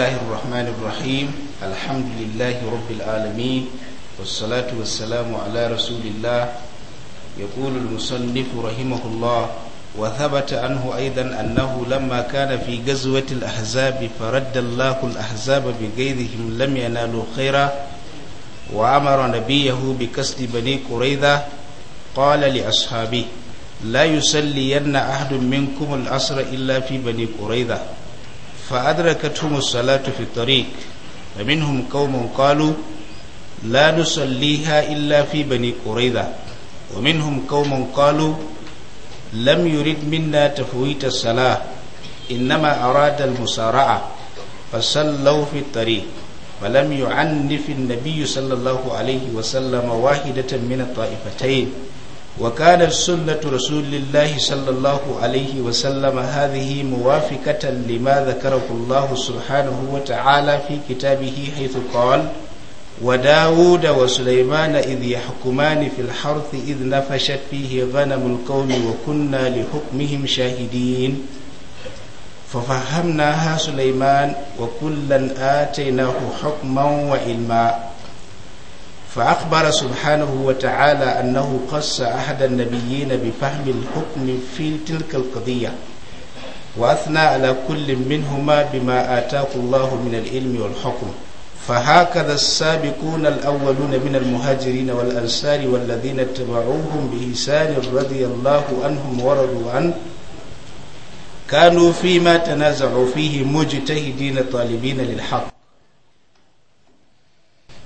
الله الرحمن الرحيم الحمد لله رب العالمين والصلاة والسلام على رسول الله يقول المصنف رحمه الله وثبت عنه أيضا أنه لما كان في غزوة الأحزاب فرد الله الأحزاب بغيرهم لم ينالوا خيرا وأمر نبيه بكسل بني قريظة قال لأصحابه لا يسلين أحد منكم العصر إلا في بني قريظة فأدركتهم الصلاة في الطريق فمنهم قوم قالوا لا نصليها إلا في بني قريظة ومنهم قوم قالوا لم يرد منا تفويت الصلاة إنما أراد المسارعة فصلوا في الطريق فلم يعنف النبي صلى الله عليه وسلم واحدة من الطائفتين وكانت سنة رسول الله صلى الله عليه وسلم هذه موافقة لما ذكره الله سبحانه وتعالى في كتابه حيث قال وداود وسليمان إذ يحكمان في الحرث إذ نفشت فيه غنم القوم وكنا لحكمهم شاهدين ففهمناها سليمان وكلا آتيناه حكما وعلما فأخبر سبحانه وتعالى أنه قص أحد النبيين بفهم الحكم في تلك القضية وأثنى على كل منهما بما آتاه الله من العلم والحكم فهكذا السابقون الأولون من المهاجرين والأنصار والذين اتبعوهم بإحسان رضي الله عنهم ورضوا عنه كانوا فيما تنازعوا فيه مجتهدين طالبين للحق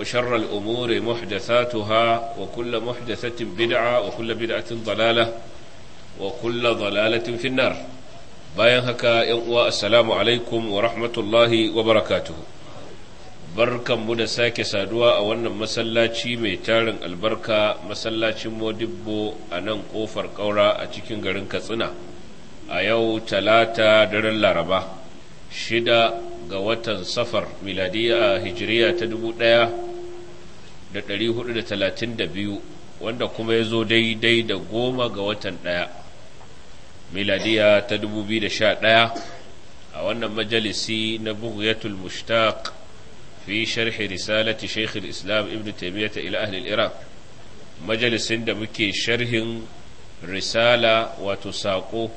وشر الأمور محدثاتها وكل محدثة بدعة وكل بدعة ضلالة وكل ضلالة في النار bayan haka yan uwa assalamu alaikum wa rahmatullahi wa barakatuhu barkanmu da sake saduwa a wannan masallaci mai tarin albarka masallacin modibbo a nan kofar ƙaura a cikin garin katsina a yau talata daren laraba shida ga watan safar miladiya hijiriya ta dubu ɗaya da ɗari hudu da talatin da biyu wanda kuma ya zo daidai da goma ga watan ɗaya miladiya ta dubu biyu da sha ɗaya a wannan majalisi na bughyatul mushtaq fi sharhi risalati shaykh islam ibn taymiyyah ila ahli al-iraq majalisin da muke sharhin risala wato sako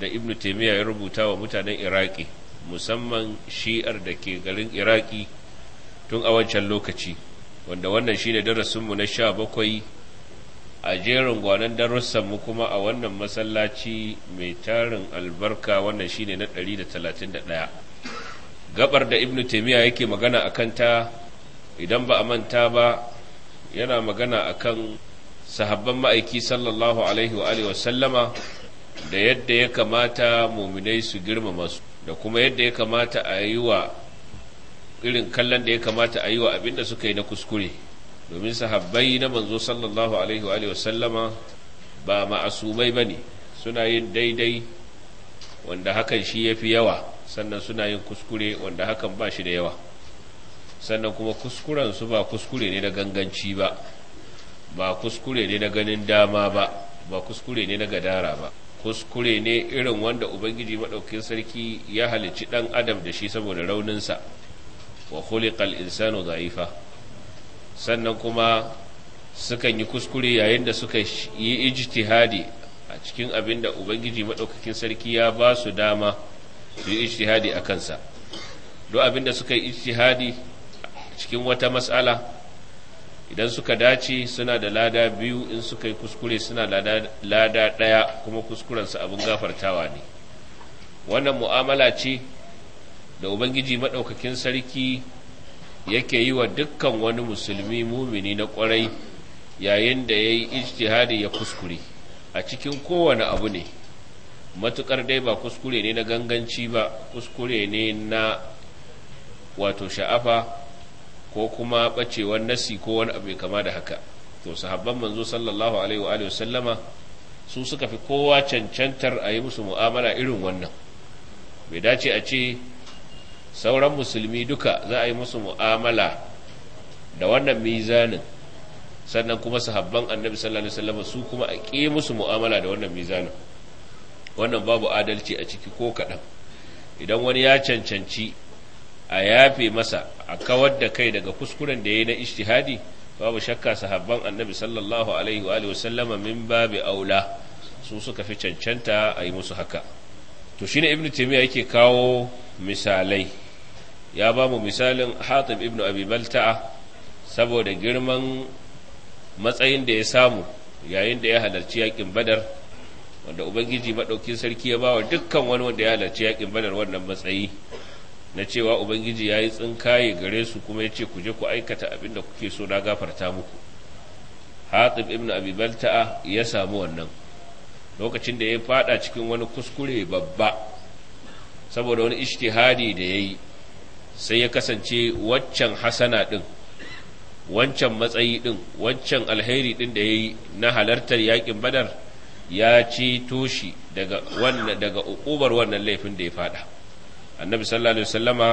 da ibn taymiyyah ya rubuta wa mutanen iraki musamman shi'ar da ke garin iraki tun a wancan lokaci wanda wannan shine darasinmu na sha bakwai a jerin gwanon darussanmu kuma a wannan masallaci mai tarin albarka wannan shine na 131 gabar da ibnu taimiyya yake magana a ta idan ba a manta ba yana magana a kan sahabban ma'aiki sallallahu alaihi wa sallama da yadda ya kamata muminai su girmama su da kuma yadda ya kamata a yi wa irin kallon da ya kamata a yi wa abin da suka yi na kuskure domin sahabbai na manzo sallallahu alaihi wa sallama ba ma'asumai ba ne suna yin daidai wanda hakan shi yafi yawa sannan suna yin kuskure wanda hakan ba shi da yawa sannan kuma kuskuren su ba kuskure ne na ganganci ba ba kuskure ne na ganin dama ba ba kuskure ne na gadara ba kuskure ne irin wanda ubangiji maɗaukin sarki ya halicci ɗan adam da shi saboda rauninsa wa khuliqal insanu da'ifa sannan kuma sukan yi kuskure yayin da suka yi ijtihadi a cikin abin da ubangiji madaukakin sarki ya ba su dama su yi ijtihadi a kansa duk abin da suka yi ijtihadi cikin wata mas'ala idan suka dace suna da lada biyu in suka yi kuskure suna da lada ɗaya kuma kuskurensu abin gafartawa ne wannan mu'amala ce da ubangiji maɗaukakin sarki yake yi wa dukkan wani musulmi mumini na ƙwarai yayin da ya yi ijtihadi ya kuskure a cikin kowane abu ne matukar dai ba kuskure ne na ganganci ba kuskure ne na wato sha'afa ko kuma ɓacewar nasi ko wani abu kama da haka to sahabban manzo sallallahu alaihi wa sallama su suka fi kowa cancantar a yi musu mu'amala irin wannan bai dace a ce sauran musulmi duka za a yi musu mu'amala da wannan mizanin sannan kuma sahabban annabi sallallahu alaihi wasallam su kuma a ƙe musu mu'amala da wannan mizanin wannan babu adalci a ciki ko kaɗan idan wani ya cancanci a yafe masa a kawar da kai daga kuskuren da ya yi na ishtihadi babu shakka sahabban annabi sallallahu alaihi wa sallama min babu aula su suka fi cancanta a yi musu haka to shi ne ibnu taimiyya yake kawo misalai ya ba mu misalin hatib ibnu abi balta'a saboda girman matsayin da ya samu yayin da ya halarci yakin badar wanda ubangiji maɗaukin sarki ya ba wa dukkan wani wanda ya halarci yakin badar wannan matsayi na cewa ubangiji ya yi tsinkaye gare su kuma ya ce ku je ku aikata abin da kuke so na gafarta muku hatib ibnu abi balta'a ya samu wannan lokacin da ya fada cikin wani kuskure babba saboda wani ishtihadi da ya yi sai ya kasance waccan hasana ɗin wancan matsayi ɗin wancan alheri ɗin da ya yi na halartar yakin badar ya ce toshi daga wannan wannan laifin da ya fada annabi sallallahu alaihi wasallama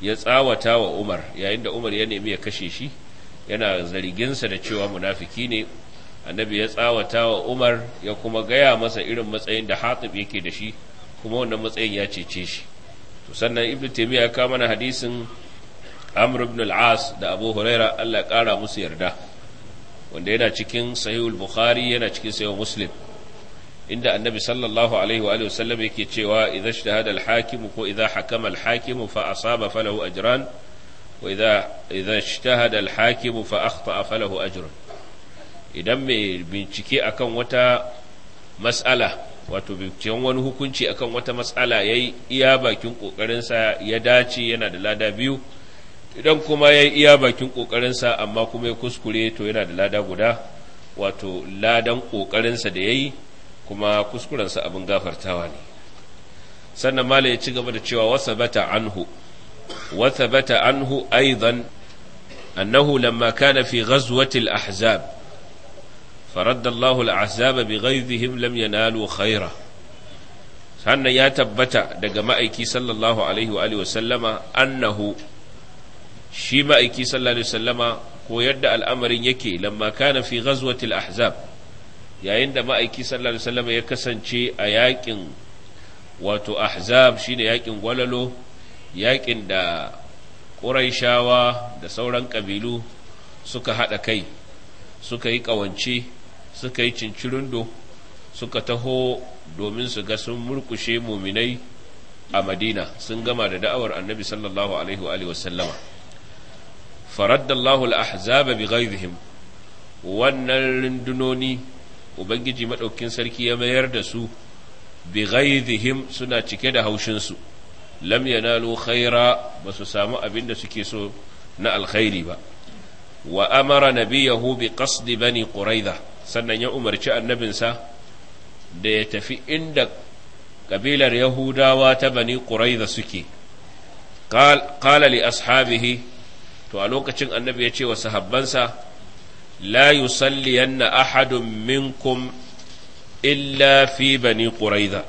ya tsawata wa umar yayin da umar ya nemi ya kashe shi yana zarginsa da cewa munafiki ne annabi ya tsawata wa umar ya kuma gaya masa irin matsayin da hatib yake da shi kuma wannan matsayin ya cece shi to sannan ibnu taymiya ya kama mana hadisin amr ibn al-as da abu huraira Allah ya kara musu yarda wanda yana cikin sahihul bukhari yana cikin sahih muslim inda annabi sallallahu alaihi wa sallam yake cewa idza ishtahada al-hakim ko idza hakama al-hakim fa asaba falahu ajran wa idza idza ishtahada al-hakim fa akhta'a falahu ajrun idan mai bincike akan wata matsala wato binciken wani hukunci akan wata matsala ya yi iya bakin ƙoƙarinsa ya dace yana da lada biyu idan kuma ya yi iya bakin ƙoƙarinsa amma kuma ya kuskure to yana da lada guda wato ladan ƙoƙarinsa da ya yi kuma kuskurensa abin gafartawa ne sannan mala ya ci gaba da cewa wasa bata anhu wasa bata anhu aizan annahu lamma kana fi ghazwatil ahzab faraddallahu al'azaba bi ghaizihim lam yanalu khaira sannan ya tabbata daga ma'aiki sallallahu alaihi wa alihi wasallama annahu shi ma'aiki sallallahu alaihi al'amarin yake lamma kana fi ghazwatil ahzab yayin da ma'aiki sallallahu ya kasance a yakin wato ahzab shine yakin gwalalo yakin da ƙuraishawa da sauran ƙabilu suka haɗa kai suka yi ƙawance suka yi do suka taho domin su ga sun murkushe muminai a madina sun gama da da'awar annabi sallallahu alaihi wa wasallama faraddallahu al'ahzaba bi ghairihim wannan rundunoni ubangiji maɗaukin sarki ya mayar da su bi ghairihim suna cike da haushinsu lam yanalu khaira ba su samu abin da suke so na alkhairi ba wa amara nabiyahu bi qasdi bani quraidha sannan ya umarci annabinsa da ya tafi inda ƙabilar yahudawa ta bani ƙuraiza suke qala ashabihi to a lokacin annabi ya ce wa sahabbansa la yusalliyanna ahadun minkum illa fi bani ƙuraiza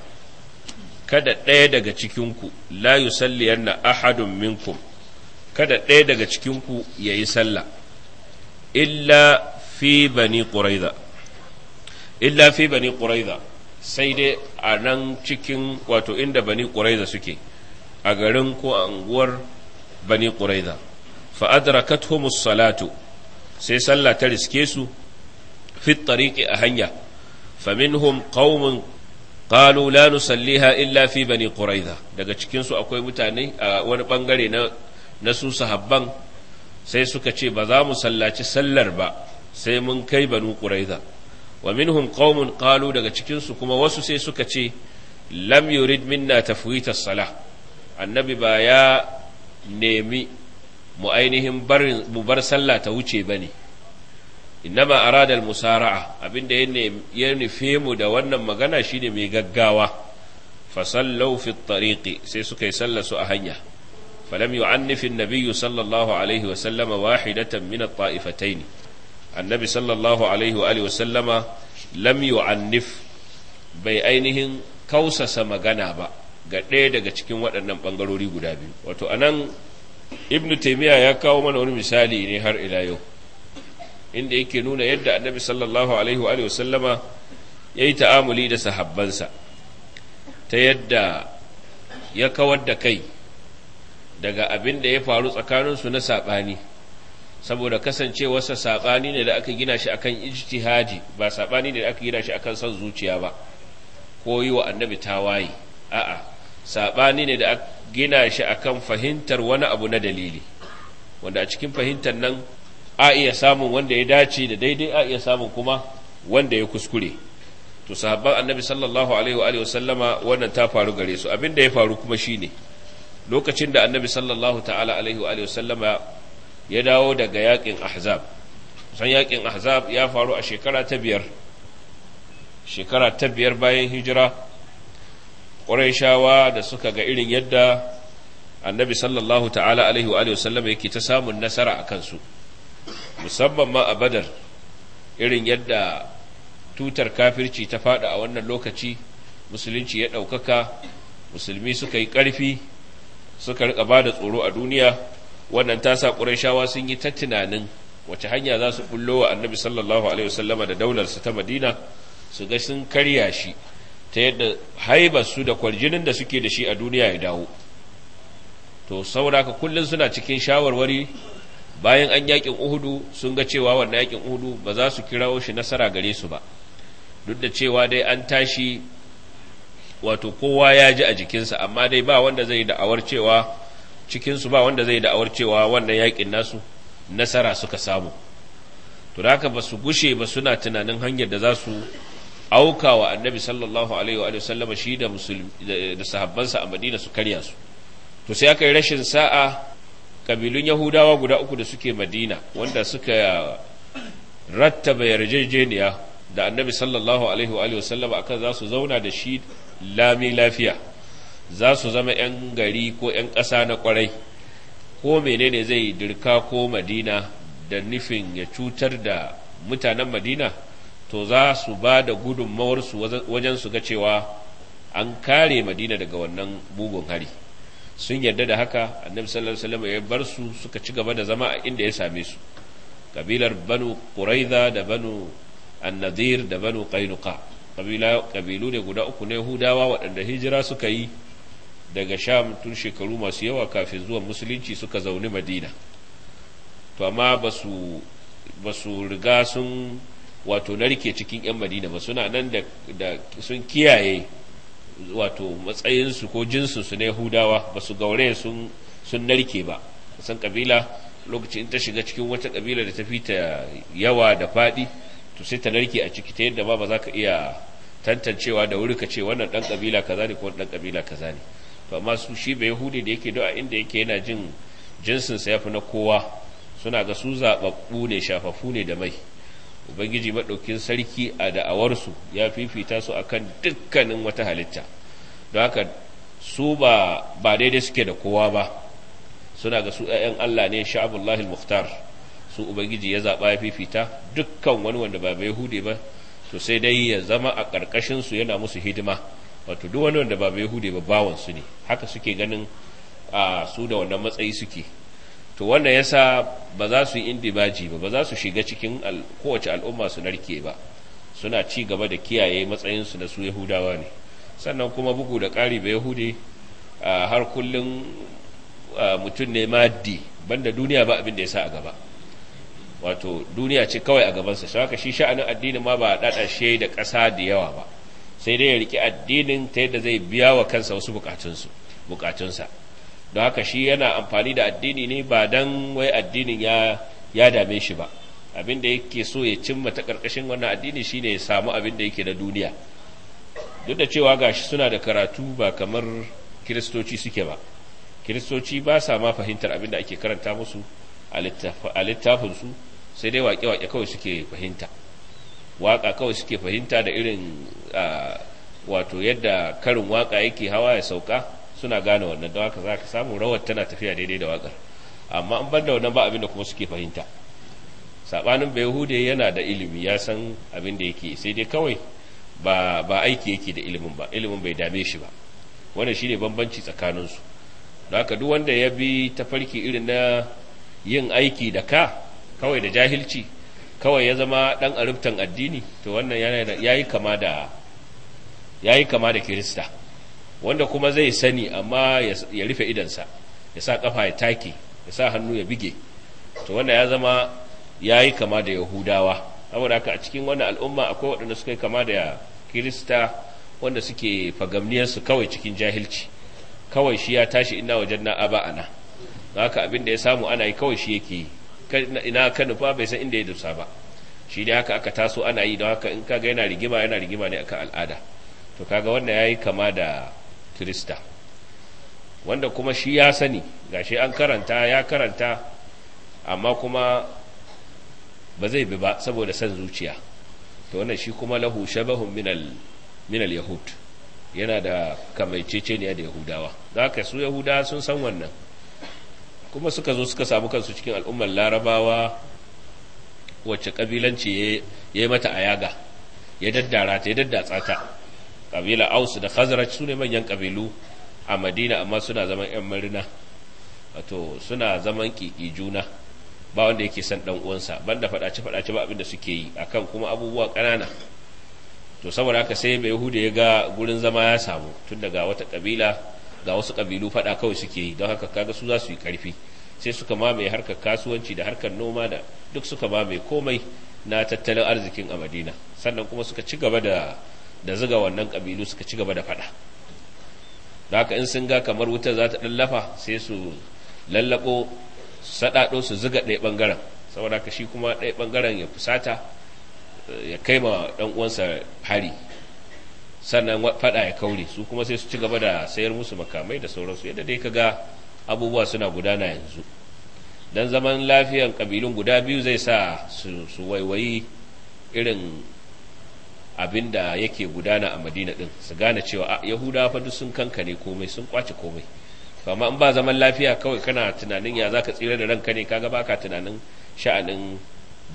kada ɗaya daga cikinku la yusalliyanna ahadun minkum kada ɗaya daga cikinku ya yi sallah illa fi bani ƙuraiza illa fi bani quraiza sai dai a nan cikin wato inda bani quraiza suke a garin ko a unguwar bani ƙuraiza fa adrakathumus salatu sai sallah ta riske su fi tariqi a hanya faminhum qaumun qalu la nusalliha illa fi bani quraiza daga cikin su akwai mutane a wani bangare na su sahabban sai suka ce ba za mu sallaci sallar ba sai mun kai banu quraiza wa minhum qaumun qalu daga cikin su kuma wasu sai suka ce lam yurid minna tafwita salah annabi ba ya nemi mu ainihin barin mu bar sallah ta wuce bane innama arada al-musara'a abinda ya nufe mu da wannan magana shine mai gaggawa fa sallau fi sai suka yi sallar su a hanya falam yu'annif an-nabiy sallallahu alaihi wa sallama wahidatan min at-ta'ifataini annabi sallallahu alaihi wa alihi wasallama lam yu'annif bai ainihin kausasa magana ba ga ɗaya daga cikin waɗannan ɓangarori guda biyu wato anan ibnu taimiyya ya kawo mana wani misali ne har ila yau inda yake nuna yadda annabi sallallahu alaihi wa alihi ya yi ta'amuli da sahabbansa ta yadda ya kawar da kai daga abin da ya faru tsakaninsu na saɓani saboda kasancewarsa saɓani ne da aka gina shi akan ijtihadi ba saɓani ne da aka gina shi akan son zuciya ba ko yi wa annabi tawaye a'a saɓani ne da aka gina shi akan fahimtar wani abu na dalili wanda a cikin fahimtar nan a iya samun wanda ya dace da daidai a iya samun kuma wanda ya kuskure to sahabban annabi sallallahu alaihi wa sallama wannan ta faru gare su abin da ya faru kuma shine lokacin da annabi sallallahu ta'ala alaihi wa sallama ya dawo daga yakin ahzab san yakin ahzab ya faru a shekara ta biyar shekara ta biyar bayan hijira ƙurayshawa da suka ga irin yadda annabi sallallahu ta'ala alaihi wa sallam yake ta samun nasara a kansu musamman ma a badar irin yadda tutar kafirci ta fada a wannan lokaci musulunci ya ɗaukaka musulmi suka yi ƙarfi suka riƙa ba da tsoro a duniya wannan ta sa ƙurashawa sun yi ta tunanin wace hanya za su bullo wa annabi sallallahu alaihi wasallama da daularsa ta madina su ga sun karya shi ta yadda su da kwaljinin da suke da shi a duniya ya dawo to sauraka kullum suna cikin shawarwari bayan an yakin uhudu sun ga cewa wannan yakin uhudu ba za su kirawo shi nasara gare su ba duk da cewa dai an tashi wato kowa ya ji a jikinsa amma dai ba wanda zai da'awar cewa cikinsu ba wanda zai da'awar cewa wannan yakin nasu nasara suka samu to da haka ba su gushe ba suna tunanin hanyar da za su auka wa annabi sallallahu alaihi wa sallama shi da da sahabbansa a madina su karya su to sai aka yi rashin sa'a kabilun yahudawa guda uku da suke madina wanda suka rattaba yarjejeniya da annabi sallallahu alaihi wa sallama akan za su zauna da shi lami lafiya za su zama 'yan gari ko 'yan ƙasa na ƙwarai ko menene zai dirka ko madina da nufin ya cutar da mutanen madina to za su ba da gudunmawarsu wajen su ga cewa an kare madina daga wannan bugun hari sun yarda da haka annabi sallallahu alaihi wasallam ya bar su suka ci gaba da zama a inda ya same su kabilar banu quraiza da banu annadir da banu qainuqa kabila kabilu ne guda uku ne hudawa waɗanda hijira suka yi daga sham tun shekaru masu yawa kafin zuwa musulunci suka zauni madina to amma ba su riga sun wato narke cikin 'yan madina ba suna nan da sun kiyaye wato matsayinsu ko jinsinsu na yahudawa ba su gaure sun narke ba san kabila lokacin ta shiga cikin wata kabila da ta fi ta yawa da faɗi to sai ta narke a ciki ta yadda ba ba za ka iya tantancewa da wuri ka ce wannan dan kabila kaza ne ko ɗan kabila kaza ne to amma su shi bai yahudi da yake a inda yake yana jin jinsin sa yafi na kowa suna ga su zababbu ne shafafu ne da mai ubangiji madaukin sarki a da'awarsu ya fifita su akan dukkanin wata halitta don haka su ba ba daidai suke da kowa ba suna ga su 'ya'yan Allah ne sha'abullahi al-mukhtar su ubangiji ya zaɓa ya fifita dukkan wani wanda ba bai hude ba to sai dai ya zama a ƙarƙashin su yana musu hidima wato duk wani wanda ba bai hude ba bawan su ne haka suke ganin a su da wannan matsayi suke to wannan yasa ba za su yi indibaji ba ba za su shiga cikin kowace al'umma su narke ba suna ci gaba da kiyaye matsayin su na su yahudawa ne sannan kuma bugu da ƙari ba yahude har kullun mutum ne maddi banda duniya ba abin da ya sa a gaba wato duniya ce kawai a gabansa shi shi sha'anin addini ma ba a dada shi da ƙasa da yawa ba sai dai ya riki addinin ta yadda zai biya wa kansa wasu bukatunsu bukatunsa don haka shi yana amfani da addini ne ba dan wai addinin ya dame shi ba abinda da yake so ya cimma ta ƙarƙashin wannan addini shine ya samu abin da yake da duniya duk da cewa gashi suna da karatu ba kamar kiristoci suke ba kiristoci ba sa ma fahimtar abinda da ake karanta musu a littafinsu sai dai waƙe-waƙe kawai suke fahimta waka kawai suke fahimta da irin wato yadda karin waka yake hawa ya sauka suna gane wannan don haka za ka samu rawar tana tafiya daidai da wakar amma an banda wannan ba abin da kuma suke fahimta sabanin bai yana da ilimi ya san abin da yake sai dai kawai ba ba aiki yake da ilimin ba ilimin bai dame shi ba wannan shine bambanci tsakanin su don haka duk wanda ya bi tafarki irin na yin aiki da ka kawai da jahilci kawai ya zama dan arubtan addini to wannan yayi kama da kama da kirista wanda kuma zai sani amma ya rufe idansa ya sa kafa ya take ya sa hannu ya bige to wannan ya zama yayi kama da yahudawa saboda haka a cikin wannan al'umma akwai waɗanda suka yi kama da kirista wanda suke fagamniyarsu kawai cikin jahilci kawai shi ya tashi ina wajen na aba ana haka abin da ya samu ana yi kawai shi yake yi ina ka nufa bai san inda ya dusa ba shi ne haka aka taso ana yi don haka in kaga yana rigima yana rigima ne akan al'ada to kaga wanda ya yi kama da krista wanda kuma shi ya sani gashi an karanta ya karanta amma kuma ba zai bi ba saboda san zuciya to wannan shi kuma lahu shabahun minal minal yahud yana da kamaiceceniya da yahudawa za ka su yahudawa sun san wannan kuma suka zo suka samu kansu cikin al'ummar larabawa wacce kabilanci ya yi mata a yaga ya daddara ta ya daddatsa ta kabila aus da khazraj su ne manyan kabilu a madina amma suna zaman yan marina wato suna zaman kiki juna ba wanda yake son ɗan uwansa banda faɗace faɗace ba abin da suke yi akan kuma abubuwa ƙanana to saboda haka sai bai hudu ya ga gurin zama ya samu tun daga wata kabila ga wasu kabilu faɗa kawai suke yi don haka kaga su za su yi karfi sai suka mamaye harkar kasuwanci da harkar noma da duk suka mamaye komai na tattalin arzikin a madina sannan kuma suka ci gaba da da zuga wannan kabilu suka ci gaba da fada da haka in sun ga kamar wutar za ta lallafa sai su lallabo sadado su zuga ɗaya bangaren saboda haka shi kuma ɗaya bangaren ya fusata ya kai ma ɗan uwansa hari sannan faɗa ya kaure su kuma sai su ci gaba da sayar musu makamai da sauransu yadda dai ga abubuwa suna gudana yanzu dan zaman lafiyan kabilun guda biyu zai sa su, waiwayi irin abin da yake gudana a madina din su gane cewa a yahudawa fa duk sun kankane komai sun kwace komai amma in ba zaman lafiya kawai kana tunanin ya zaka tsira da ranka ne kaga baka tunanin sha'anin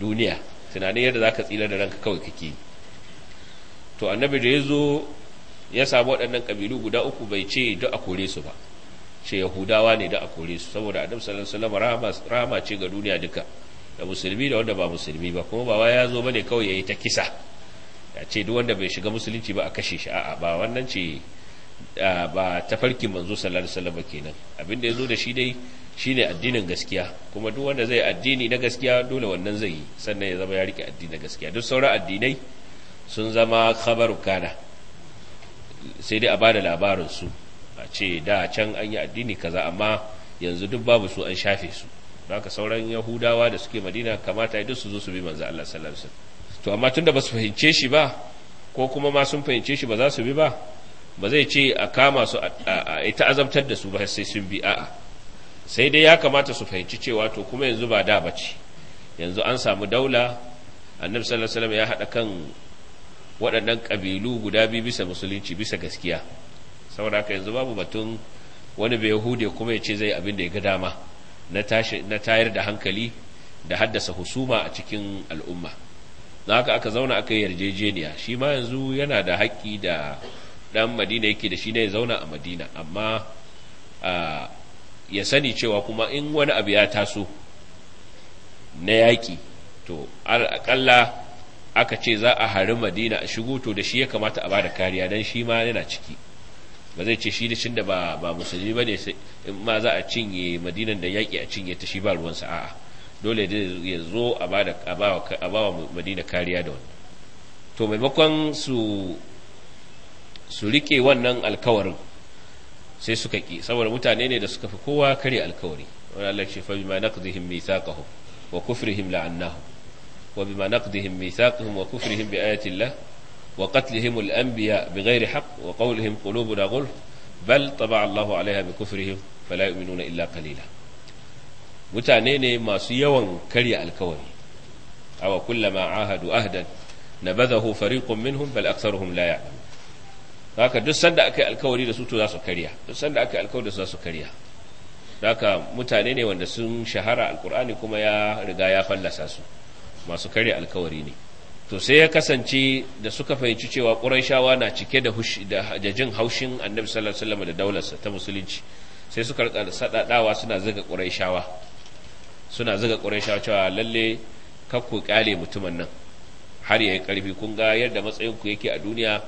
duniya tunanin yadda zaka tsira da ranka kawai kake yi to annabi da ya zo ya samu waɗannan ƙabilu guda uku bai ce da a kore su ba ce yahudawa ne da a kore su saboda adam sallallahu alaihi rahama ce ga duniya duka da musulmi da wanda ba musulmi ba kuma bawa ya zo bane kawai yayi ta kisa ya ce duk wanda bai shiga musulunci ba a kashe shi a'a ba wannan ce ba farkin manzo sallallahu alaihi wasallam kenan abin da yazo da shi dai shine addinin gaskiya kuma duk wanda zai addini na gaskiya dole wannan zai yi sannan ya zama ya rike addini na gaskiya duk sauran addinai sun zama khabaru kana sai dai a bada labarin su a ce da can an yi addini kaza amma yanzu duk babu su an shafe su haka sauran yahudawa da suke madina kamata duk su zo su bi manzo Allah sallallahu alaihi wasallam to amma tunda ba su fahimce shi ba ko kuma ma sun fahimce shi ba za su bi ba ba zai ce a kama su a ita azabtar da su ba sai sun bi a'a sai dai ya kamata su fahimci cewa to kuma yanzu ba da bace yanzu an samu daula annabi sallallahu alaihi wasallam ya hada kan waɗannan ƙabilu guda biyu bisa musulunci bisa gaskiya saboda haka yanzu babu batun wani bai hude kuma ya ce zai abin da ya ga dama na tayar da hankali da haddasa husuma a cikin al'umma na haka aka zauna aka yi yarjejeniya shi ma yanzu yana da haƙƙi da ɗan madina yake da shi ne ya zauna a madina amma ya sani cewa kuma in wani abu ya taso na yaƙi to al'aƙalla aka ce za a hari madina a shigo to da shi ya kamata a bada kariya dan shi ma yana ciki ba zai ce shi da cin da ba ba musulmi bane sai in ma za a cinye madinan da yaki a cinye ta shi ba ruwan sa a'a dole ya zo a bada a bawa a bawa madina kariya da wannan to maimakon su su rike wannan alkawarin sai suka ki saboda mutane ne da suka fi kowa kare alkawari wani Allah ce fa ma naqdihim mithaqahum wa kufrihim la'annahum وبما نقضهم ميثاقهم وكفرهم بآيات الله وقتلهم الأنبياء بغير حق وقولهم قلوبنا غلف بل طبع الله عليها بكفرهم فلا يؤمنون إلا قليلا متانين ما سيوا كري الكون أو كلما عاهدوا أهدا نبذه فريق منهم بل أكثرهم لا يعلم haka duk sanda aka yi alkawari da su to za su karya duk sanda aka yi alkawari da su za su karya haka mutane ne wanda sun shahara alkur'ani kuma ya riga ya fallasa su masu karya alkawari ne to sai ya kasance da suka fahimci cewa ƙurayshawa na cike da jin haushin annabi sallallahu alaihi wasallam da daularsa ta musulunci sai suka rika sadadawa suna zuga ƙurayshawa suna zuga ƙurayshawa cewa lalle ku kyale mutumin nan har yayi karfi kun ga yadda matsayin ku yake a duniya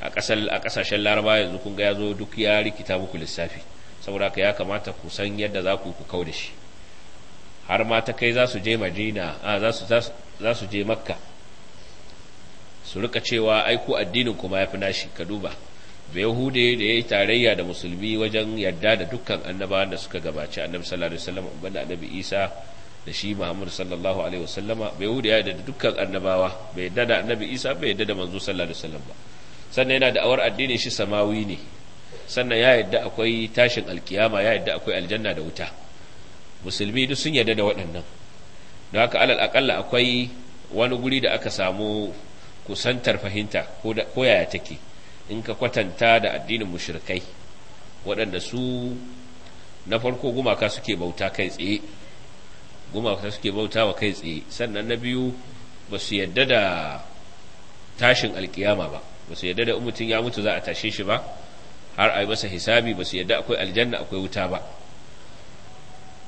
a kasar a kasashen laraba yanzu kun ga yazo duk ya rikita muku lissafi saboda haka ya kamata ku san yadda za ku ku kau shi har ma ta kai za su je madina a za su je makka su rika cewa aiko addinin kuma ya fi nashi ka duba da yahude da ya yi tarayya da musulmi wajen yadda da dukkan annabawan da suka gabaci annabi sallallahu alaihi wasallam banda annabi isa da shi muhammad sallallahu alaihi wasallama bai yahude ya yi da dukkan annabawa bai yadda da annabi isa bai yadda da manzo sallallahu alaihi wasallam ba sannan yana da awar addinin shi samawi ne sannan ya yadda akwai tashin alkiyama ya yadda akwai aljanna da wuta musulmi duk sun yarda da waɗannan don haka alal akalla akwai wani guri da aka samu kusantar fahimta ko yaya take in ka kwatanta da addinin mushrikai waɗanda su na farko gumaka suke bauta kai tsaye gumaka suke bauta wa kai tsaye sannan na biyu ba su yarda da tashin alkiyama ba ba su yarda da mutum ya mutu za a tashe shi ba har a yi masa hisabi ba su yarda akwai aljanna akwai wuta ba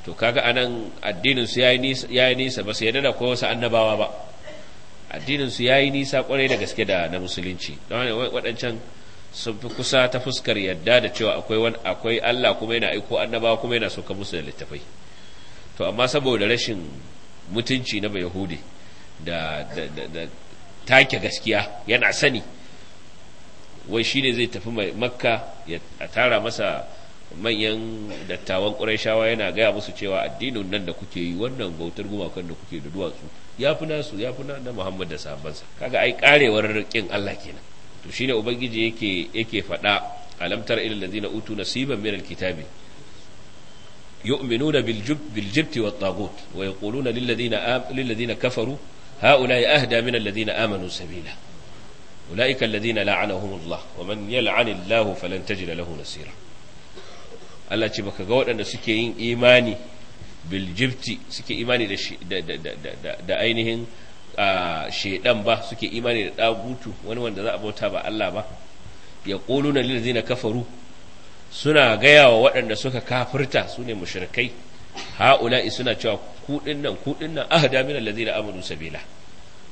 to kaga anan addinin su yayi nisa yayi nisa ba su yadda da kowa annabawa ba addinin su yayi nisa kwarai da gaske da na musulunci don waɗancan sun fi kusa ta fuskar yadda da cewa akwai wani akwai Allah kuma yana aiko annabawa kuma yana ka musu da littafai to amma saboda rashin mutunci na bayahudi da da da take gaskiya yana sani wai shine zai tafi makka ya tara masa manyan dattawan shawa yana gaya musu cewa addinin nan da kuke yi wannan bautar gumakan da kuke da duwatsu ya fi nasu ya fi na muhammad da sahabbansa kaga ai karewar rikin allah kenan to shine ubangiji yake yake faɗa alamtar ilal ladina utu nasiban min alkitabi yu'minuna bil jub bil jibti wat tagut wa yaquluna lil ladina lil kafaru haula ahda min alladina amanu sabila ulaika alladina la'anahum allah wa man yal'an allah falan tajida lahu nasira Allah ce baka ga waɗanda suke yin imani biljibti suke imani da ainihin shaidan ba suke imani da dabutu wani wanda za a bauta ba Allah ba ya ƙolu na lalazi na kafaru suna gaya wa waɗanda suka kafirta su ne mushrikai ha'ula'i suna cewa kuɗin nan kuɗin nan ahda min allazi na amanu sabila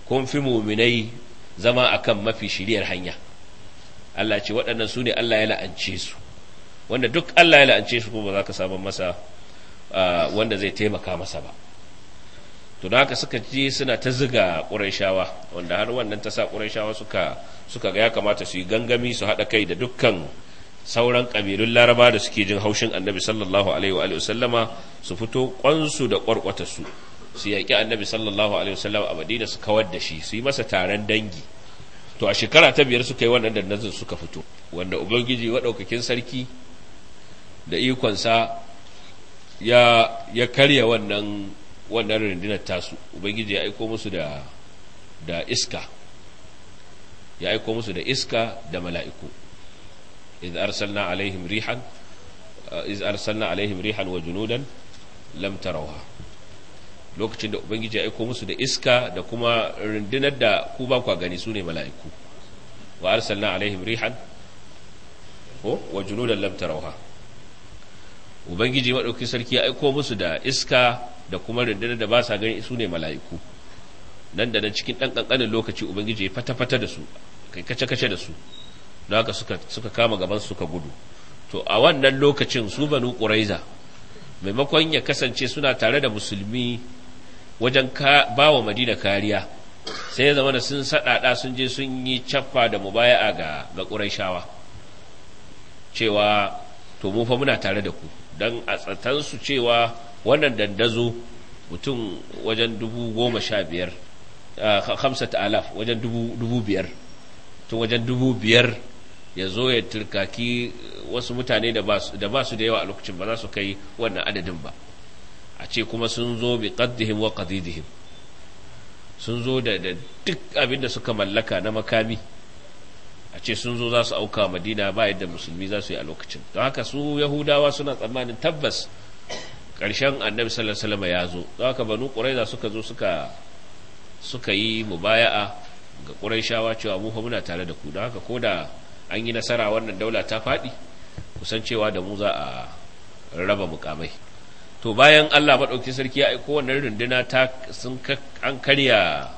kun fi muminai zama akan mafi shiriyar hanya Allah ce waɗannan su ne Allah ya la'ance su wanda duk Allah ya la'ance shi kuma ba za ka samu masa wanda zai taimaka masa ba to da haka suka je suna ta ziga ƙurayshawa wanda har wannan ta sa ƙurayshawa suka suka ga ya kamata su yi gangami su haɗa kai da dukkan sauran ƙabilun laraba da suke jin haushin annabi sallallahu alaihi wa sallama su fito ƙwansu da ƙwarƙwata su su yaƙi annabi sallallahu alaihi wa sallama a madina su kawar da shi su yi masa taron dangi to a shekara ta biyar suka yi wannan dandazin suka fito wanda ubangiji waɗaukakin sarki da ikonsa ya ya karya wannan wannan rundunar tasu ubangiji ya aiko musu da da iska ya aiko musu da iska da mala'iku iz arsalna alaihim rihan eh, iz arsalna alaihim rihan wa junudan lam tarawha lokacin da ubangiji ya aiko musu da iska da kuma rundunar da ku ba ku gani sune mala'iku wa arsalna alaihim rihan wa junudan lam tarawha ubangiji maɗauki sarki ya aiko musu da iska da kuma rundunar da ba sa gani su ne mala'iku nan da nan cikin ɗan ƙanƙanin lokaci ubangiji ya fata-fata da su kai kace-kace da su don haka suka, kama gaban suka gudu to a wannan lokacin su banu ƙuraiza maimakon ya kasance suna tare da musulmi wajen ba wa madina kariya sai ya zama da sun saɗaɗa sun je sun yi caffa da mubaya'a ga ga ƙuraishawa cewa to mu fa muna tare da ku don a tsatansu cewa wannan dandazo mutum wajen dubu goma sha biyar hamsata alaf wajen dubu biyar tun wajen dubu biyar ya zo ya turkaki wasu mutane da ba su da yawa a lokacin ba za su kai wannan adadin ba a ce kuma sun zo bi qaddihim wa qadidihim sun zo da duk abin da suka mallaka na makami a ce sun zo za su auka madina ba yadda musulmi za su yi a lokacin don haka su yahudawa suna tsammanin tabbas ƙarshen annabi sallallahu alaihi wasallam ya zo don haka banu quraiza suka zo suka suka yi mubaya'a ga quraishawa cewa mu fa muna tare da ku don haka koda an yi nasara wannan daula ta faɗi kusan cewa da mu za a raba mukamai to bayan Allah maɗauki sarki ya aiko wannan runduna ta sun an karya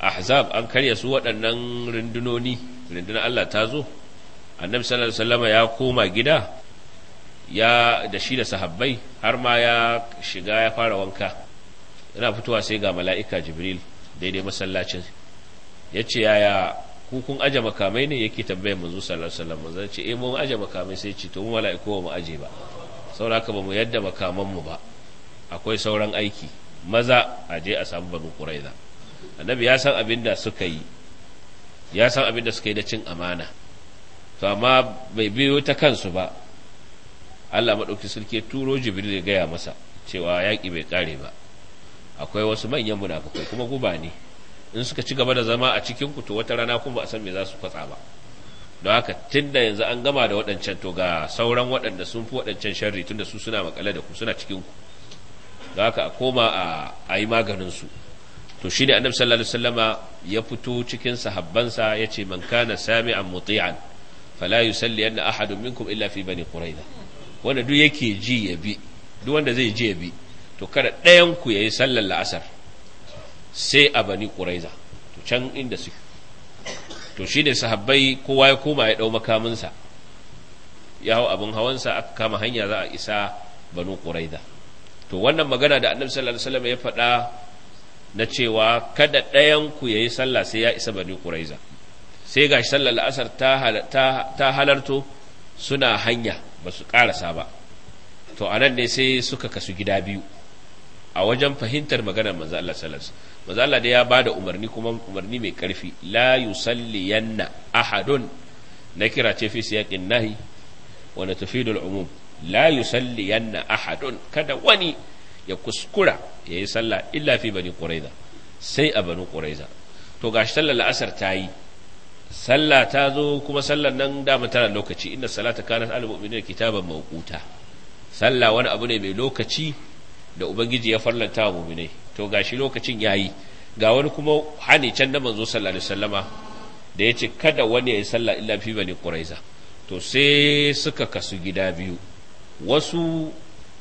ahzab an karya su waɗannan rindunoni rundunar Allah ta zo annabi sallallahu alaihi wasallam ya koma gida ya da shi da sahabbai har ma ya shiga ya fara wanka yana fitowa sai ga mala'ika jibril daidai masallacin ya ce yaya kukun kun aje makamai ne yake tambayar manzo sallallahu alaihi wasallam manzo ce eh mun aje makamai sai ce to mu mala'iku ba mu aje ba saboda ka ba mu yadda makaman mu ba akwai sauran aiki maza a je a samu banu quraiza annabi ya san abin da suka yi ya san abin da suka yi da cin amana to amma bai biyo ta kansu ba Allah maɗauki sulke turo jibril ya gaya masa cewa yaƙi bai ƙare ba akwai wasu manyan munafukai kuma guba ne in suka ci gaba da zama a cikin ku to wata rana kuma ba a san me za su kwatsa ba don haka tun da yanzu an gama da waɗancan to ga sauran waɗanda sun fi waɗancan sharri tun da su suna makale da ku suna cikin ku don haka a koma a yi maganin su to shine annabi sallallahu alaihi ya fito cikin sahabbansa yace man kana sami'an muti'an fala yusalli anna ahadun minkum illa fi bani quraiza wanda duk yake ji ya bi duk wanda zai ji ya bi to kada ɗayan ku yayi sallar la'asar sai a bani quraiza to can inda su. to shine sahabbai kowa ya koma ya dau makaminsa ya hau abin hawansa aka kama hanya za a isa banu quraiza to wannan magana da annabi sallallahu alaihi wasallam ya faɗa na cewa kada ɗayanku ya yi sallah sai ya isa bani ƙuraiza sai ga sallar la'asar ta halarto suna hanya ba su ƙarasa ba to a nan ne sai suka kasu gida biyu a wajen fahimtar maganar manzo Allah sallallahu alaihi manzo Allah da ya bada umarni kuma umarni mai karfi la yanna ahadun kira ce fi siyaqin nahi wa natufidu umum la yanna ahadun kada wani ya kuskura ya yi sallah illa fi bani ƙuraiza sai a bani ƙuraiza to gashi sallar la'asar ta yi sallah ta zo kuma sallar nan dama tana lokaci inda salata kanat al muminina kitaban mawquta sallah wani abu ne mai lokaci da ubangiji ya farlanta wa mu'minai to gashi lokacin yayi ga wani kuma hani can da manzo sallallahu alaihi wasallama da yace kada wani ya yi sallah illa fi bani quraiza to sai suka kasu gida biyu wasu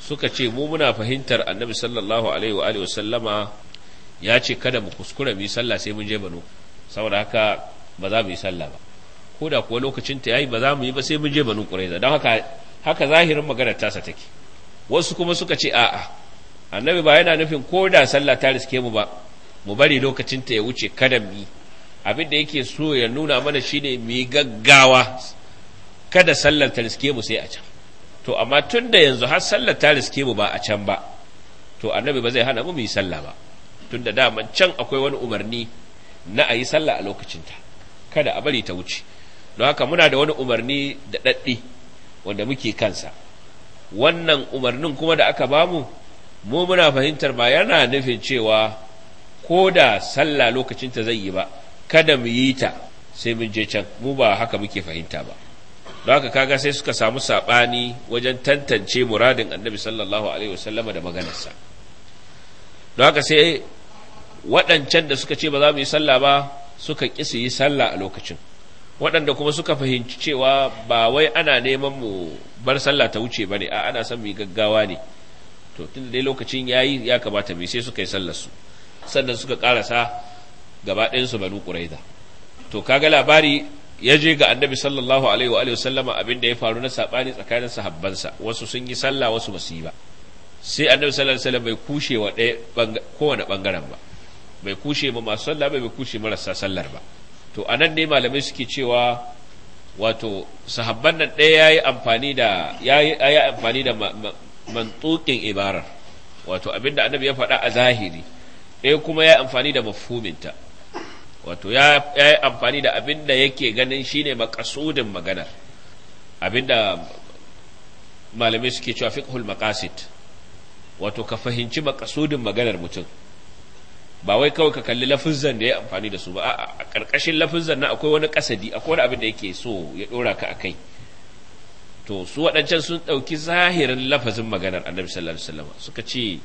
suka ce mu muna fahimtar annabi sallallahu alaihi wa alihi wasallama ya ce kada mu kuskura mu yi sallah sai mun je bano saboda haka ba za mu yi sallah ba ko da kuwa lokacin ta yayi ba za mu yi ba sai mun je bano quraiza don haka haka zahirin maganar tasa take wasu kuma suka ce a'a annabi ba yana nufin ko da sallah ta riske mu ba mu bari lokacin ta ya wuce kada mu yi abin da yake so ya nuna mana shine mu yi gaggawa kada sallar ta riske mu sai a can to amma tun da yanzu har sallar ta riske mu ba a can ba to annabi ba zai hana mu muyi yi sallah ba tun da daman can akwai wani umarni na a yi sallah a lokacinta kada a bari ta wuce don haka muna da wani umarni da ɗaɗɗi wanda muke kansa wannan umarnin kuma da aka bamu mu muna fahimtar ba yana nufin cewa ko da sallah lokacinta zai yi ba kada mu yi ta sai mun je can mu ba haka muke fahimta ba don haka kaga sai suka samu saɓani wajen tantance muradin annabi sallallahu alaihi wasallama da maganarsa don haka sai waɗancan da suka ce ba za mu yi sallah ba suka ƙi su yi sallah a lokacin waɗanda kuma suka fahimci cewa ba wai ana neman mu bar sallah ta wuce ba ne a ana son mu yi gaggawa ne to tun dai lokacin ya yi ya kamata mai sai suka yi sallar su sannan suka ƙarasa gaba ɗayansu banu ƙuraida to kaga labari ya je ga annabi sallallahu alaihi wa alihi sallama abin da ya faru na sabani tsakanin sahabbansa wasu sun yi sallah wasu ba su yi ba sai annabi sallallahu alaihi wasallam bai kushe wa ɗaya kowane bangaren ba bai kushe ma masu sallah bai kushe marasa sallar ba to anan ne malamai suke cewa wato sahabban nan ɗaya yayi amfani da yayi amfani da mantukin ibarar wato abin da annabi ya faɗa a zahiri ɗaya kuma ya amfani da mafhuminta wato ya yi amfani da abin da yake ganin shine makasudin maganar abin da malamai suke cewa fiqhul maqasid wato ka fahimci makasudin maganar mutum ba wai kawai ka kalli lafizan da ya amfani da su ba a ƙarƙashin lafizan na akwai wani kasadi akwai wani abin da yake so ya ɗora ka akai to su waɗancan sun ɗauki zahirin lafazin maganar annabi sallallahu alaihi wasallam suka ce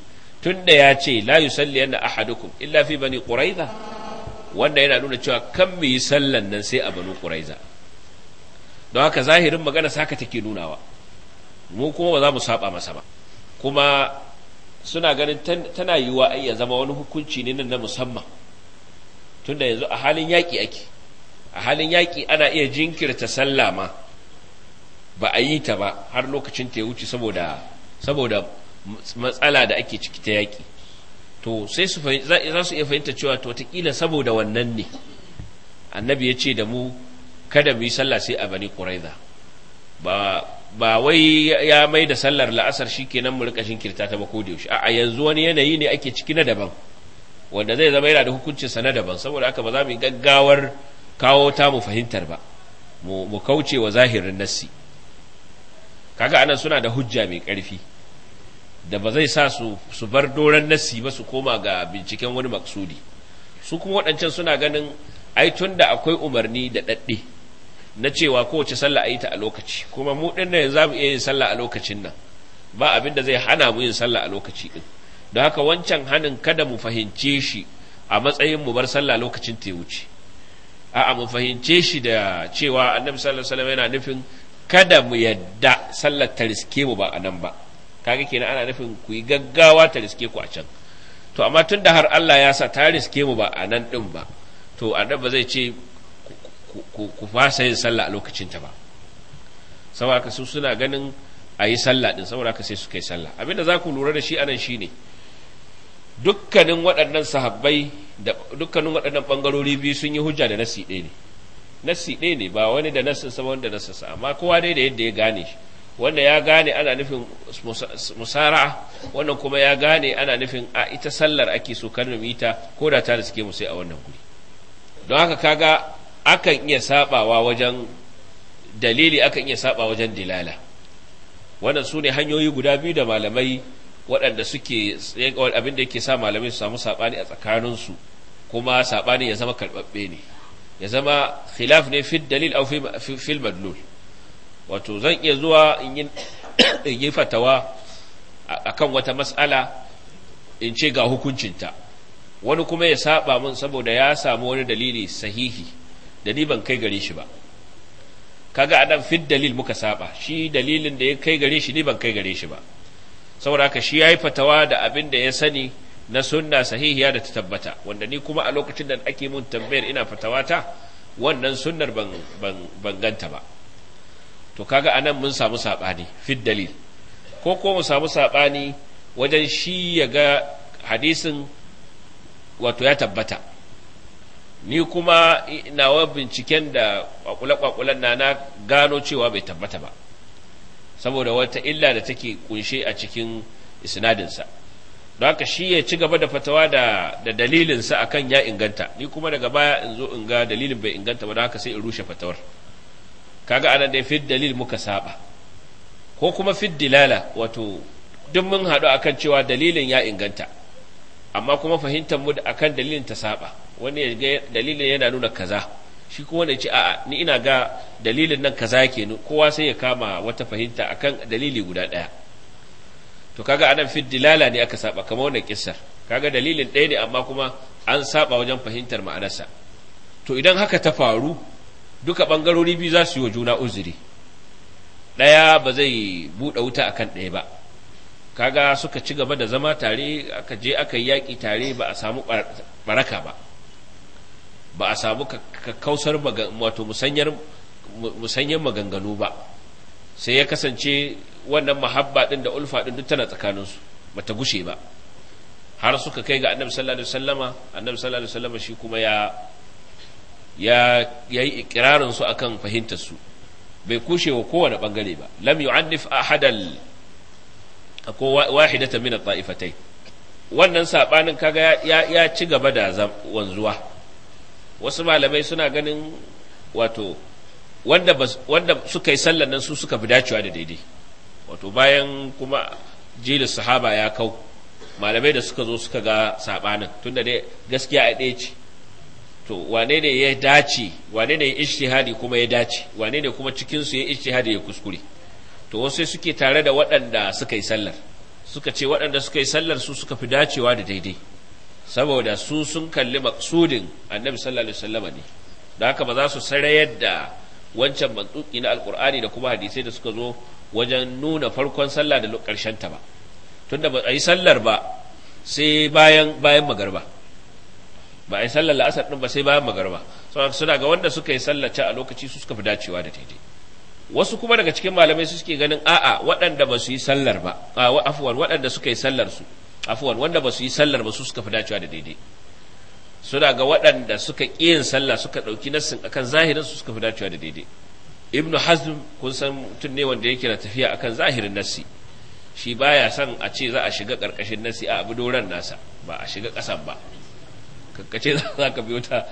tunda ya ce la yusalli anna ahadukum illa fi bani quraiza wanda yana nuna cewa kan mu yi sallan nan sai a banu ƙuraiza don haka zahirin magana saka take nunawa mu kuma ba za mu saba masa ba kuma suna ganin tana yiwuwa ai ya zama wani hukunci ne nan na musamman tunda yanzu a halin yaƙi ake a halin yaƙi ana iya jinkirta sallah ma ba a yi ta ba har lokacin ta ya wuce saboda saboda matsala da ake ciki ta yaƙi to sai su za su iya fahimta cewa to wataƙila saboda wannan ne annabi ya ce da mu kada mu yi sallah sai a bani ƙuraiza ba wai ya mai da sallar la'asar shi kenan mu rika kirta ta ba ko da yaushe a'a yanzu wani yanayi ne ake ciki na daban wanda zai zama yana da hukuncin sa na daban saboda haka ba za mu yi gaggawar kawo ta mu fahimtar ba mu kauce wa zahirin nassi kaga anan suna da hujja mai ƙarfi da ba zai sa su su bar doron nasi ba su koma ga binciken wani maksudi su kuma waɗancan suna ganin ai tun da akwai umarni da ɗaɗɗe na cewa kowace sallah a yi ta a lokaci kuma mu ɗin nan za mu iya yin sallah a lokacin nan ba abin da zai hana mu yin sallah a lokaci ɗin don haka wancan hanin kada mu fahimce shi a matsayin mu bar sallah lokacin ta wuce a'a mu fahimce shi da cewa annabi sallallahu alaihi wasallam yana nufin kada mu yadda sallar ta riske mu ba a nan ba kaga kenan ana nufin ku yi gaggawa ta riske ku a can to amma tun da har Allah ya sa ta riske mu ba a nan din ba to a ba zai ce ku fasa yin sallah a lokacin ta ba saboda su suna ganin a yi sallah din saboda ka sai su kai sallah abinda za ku lura da shi anan shine dukkanin waɗannan sahabbai da dukkanin waɗannan bangarori biyu sun yi hujja da nasi ɗaya ne nasi ɗaya ne ba wani da nasin sa wani da nasin sa amma kowa dai da yadda ya gane shi wanda ya gane ana nufin musara'a wannan kuma ya gane ana nufin a ita sallar ake so kar mu ita ko da ta riske mu sai a wannan guri don haka kaga akan iya sabawa wajen dalili akan iya saɓa wajen dilala wannan su ne hanyoyi guda biyu da malamai waɗanda suke abin da yake sa malamai su samu saɓani a tsakaninsu kuma saɓani ya zama karɓaɓɓe ne ya zama khilaf ne fi dalil au fi madlul wato zan iya zuwa in yi fatawa a kan wata matsala in ce ga hukuncinta wani kuma ya saba mun saboda ya samu wani dalili sahihi da ni ban kai gare shi ba kaga dan fit dalil muka saba shi dalilin da ya kai gare shi ni ban kai gare shi ba saboda haka shi yi fatawa da abin da ya sani na sunna sahihiya da ta tabbata wanda ni kuma a lokacin da ake mun tambayar ina fatawata wannan sunnar ban ban ganta ba to kaga anan mun samu saɓani fid dalil ko ko mu samu saɓani wajen shi ya ga hadisin wato ya tabbata ni kuma nawa binciken da kwakule-kwakulen na gano cewa bai tabbata ba saboda wata illa da take kunshe a cikin isnadinsa don haka shi ya ci gaba da fatawa da, da dalilinsa akan ya inganta ni kuma daga baya in zo in ga dalilin bai inganta ba don haka sai in rushe fatawar kaga anan da fi dalil muka saba ko kuma fi dilala wato duk mun haɗu akan cewa dalilin ya inganta amma kuma fahimtar mu akan dalilin ta saba wani dalilin yana nuna kaza shi kuma ne ya ce a'a ni ina ga dalilin nan kaza yake kowa sai ya kama wata fahimta akan dalili guda ɗaya to kaga anan fi dilala ne aka saba kamar wannan kissar kaga dalilin ɗaya ne amma kuma an saba wajen fahimtar ma'anarsa to idan haka ta faru duka ɓangarori biyu za su yi wa juna uzuri ɗaya ba zai buɗe wuta akan ɗaya ba kaga suka ci gaba da zama tare aka je aka yi yaƙi tare ba a samu ɓaraka ba ba a samu kakkausar wato musanyar maganganu ba sai ya kasance wannan mahabba ɗin da ulfa ɗin duk tana tsakaninsu ba ta gushe ba har suka kai ga annabi sallallahu alaihi wasallama annabi sallallahu alaihi wasallama shi kuma ya ya yi ikirarin su akan fahimtar su bai kushe wa kowane bangare ba lam yu'annif ahadal ko wahidata min taifatai wannan sabanin kaga ya ya ci gaba da wanzuwa wasu malamai suna ganin wato wanda wanda suka yi sallan nan su suka bi dacewa da daidai wato bayan kuma jilin sahaba ya kau malamai da suka zo suka ga sabanin tunda dai gaskiya a ɗaya ce to wane ne ya dace wane ne ya kuma ya dace wane ne kuma cikin su ya ishtihadi ya kuskure to wasu suke tare da waɗanda suka yi sallar suka ce waɗanda suka yi sallar su suka fi dacewa da daidai saboda su sun kalli maksudin annabi sallallahu alaihi wasallama ne da haka ba za su sarayar da wancan mantsuki na alkur'ani da kuma hadisai da suka zo wajen nuna farkon sallah da karshen ta ba tunda ba a yi sallar ba sai bayan bayan magarba ba a yi sallar la'asar ɗin ba sai bayan magarba suna ga wanda suka yi sallace a lokaci su suka fi dacewa da daidai wasu kuma daga cikin malamai su suke ganin a'a waɗanda ba su yi sallar ba afuwan waɗanda suka yi sallar su afuwan wanda ba su yi sallar ba su suka fi dacewa da daidai suna ga waɗanda suka ƙi yin sallah suka ɗauki nassin akan zahirin su suka fi dacewa da daidai ibnu hazm kun san mutum ne wanda yake na tafiya akan zahirin nassi shi baya son a ce za a shiga ƙarƙashin nassi a abu doron nasa ba a shiga ƙasan ba ka ce za ka biyo ta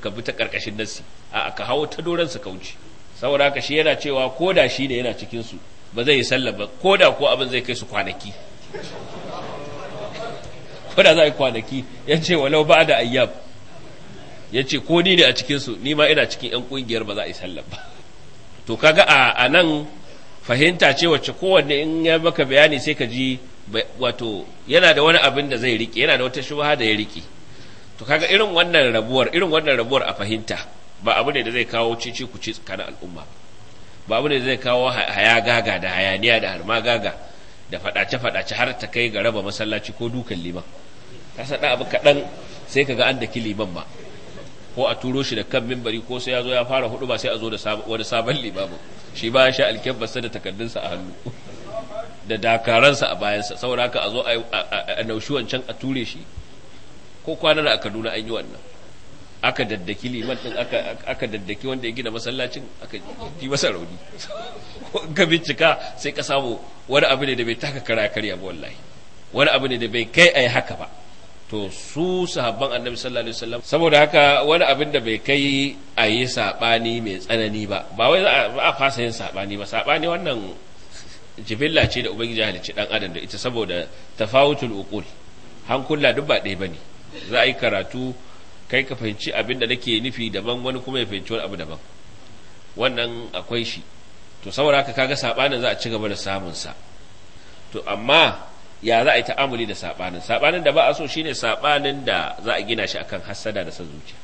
ka bi ta karkashin nassi a ka hawo ta doron su kauce saboda haka shi yana cewa ko da shi ne yana cikin su ba zai yi sallah ba ko da ko abin zai kai su kwanaki ko da za a yi kwanaki ya ce walau ba da ayyab ya ce ko ni ne a cikinsu ni ma ina cikin 'yan kungiyar ba za a yi sallah ba to kaga a nan fahimta ce wacce kowanne in ya maka bayani sai ka ji wato yana da wani abin da zai rike yana da wata shubha da ya rike to kaga irin wannan rabuwar irin wannan rabuwar a fahimta ba abu ne da zai kawo cici ci tsakanin al'umma ba abu ne da zai kawo haya gaga da hayaniya da harma gaga da fadace fadace har ta kai ga raba masallaci ko dukan liman ka sada abu kaɗan sai kaga an ki liman ba ko a turo shi da kan mimbari ko sai ya zo ya fara hudu ba sai a zo da wani sabon ba shi ba ya sha sa da takardunsa a hannu da dakaransa a bayansa saboda haka a zo a naushi wancan a ture shi ko kwanar a kaduna an yi wannan aka daddaki liman din aka daddaki wanda ya gina masallacin aka yi masa rauni ka bincika sai ka samu wani abu ne da bai taka kara karya ba wallahi wani abu ne da bai kai a yi haka ba to su sahabban annabi sallallahu alaihi wasallam saboda haka wani abin da bai kai a yi sabani mai tsanani ba ba wai za a fasa yin sabani ba sabani wannan jibilla ce da ubangiji halicci dan adam da ita saboda tafawutul uqul hankula duk ba ɗaya bane za a yi karatu kai ka fahimci abin da nake nufi daban wani kuma ya fahimci wani abu daban wannan akwai shi to saboda haka kaga sabanin za a ci gaba da samun sa to amma ya za a yi ta'amuli da sabanin sabanin da ba a so shine sabanin da za a gina shi akan hassada da san zuciya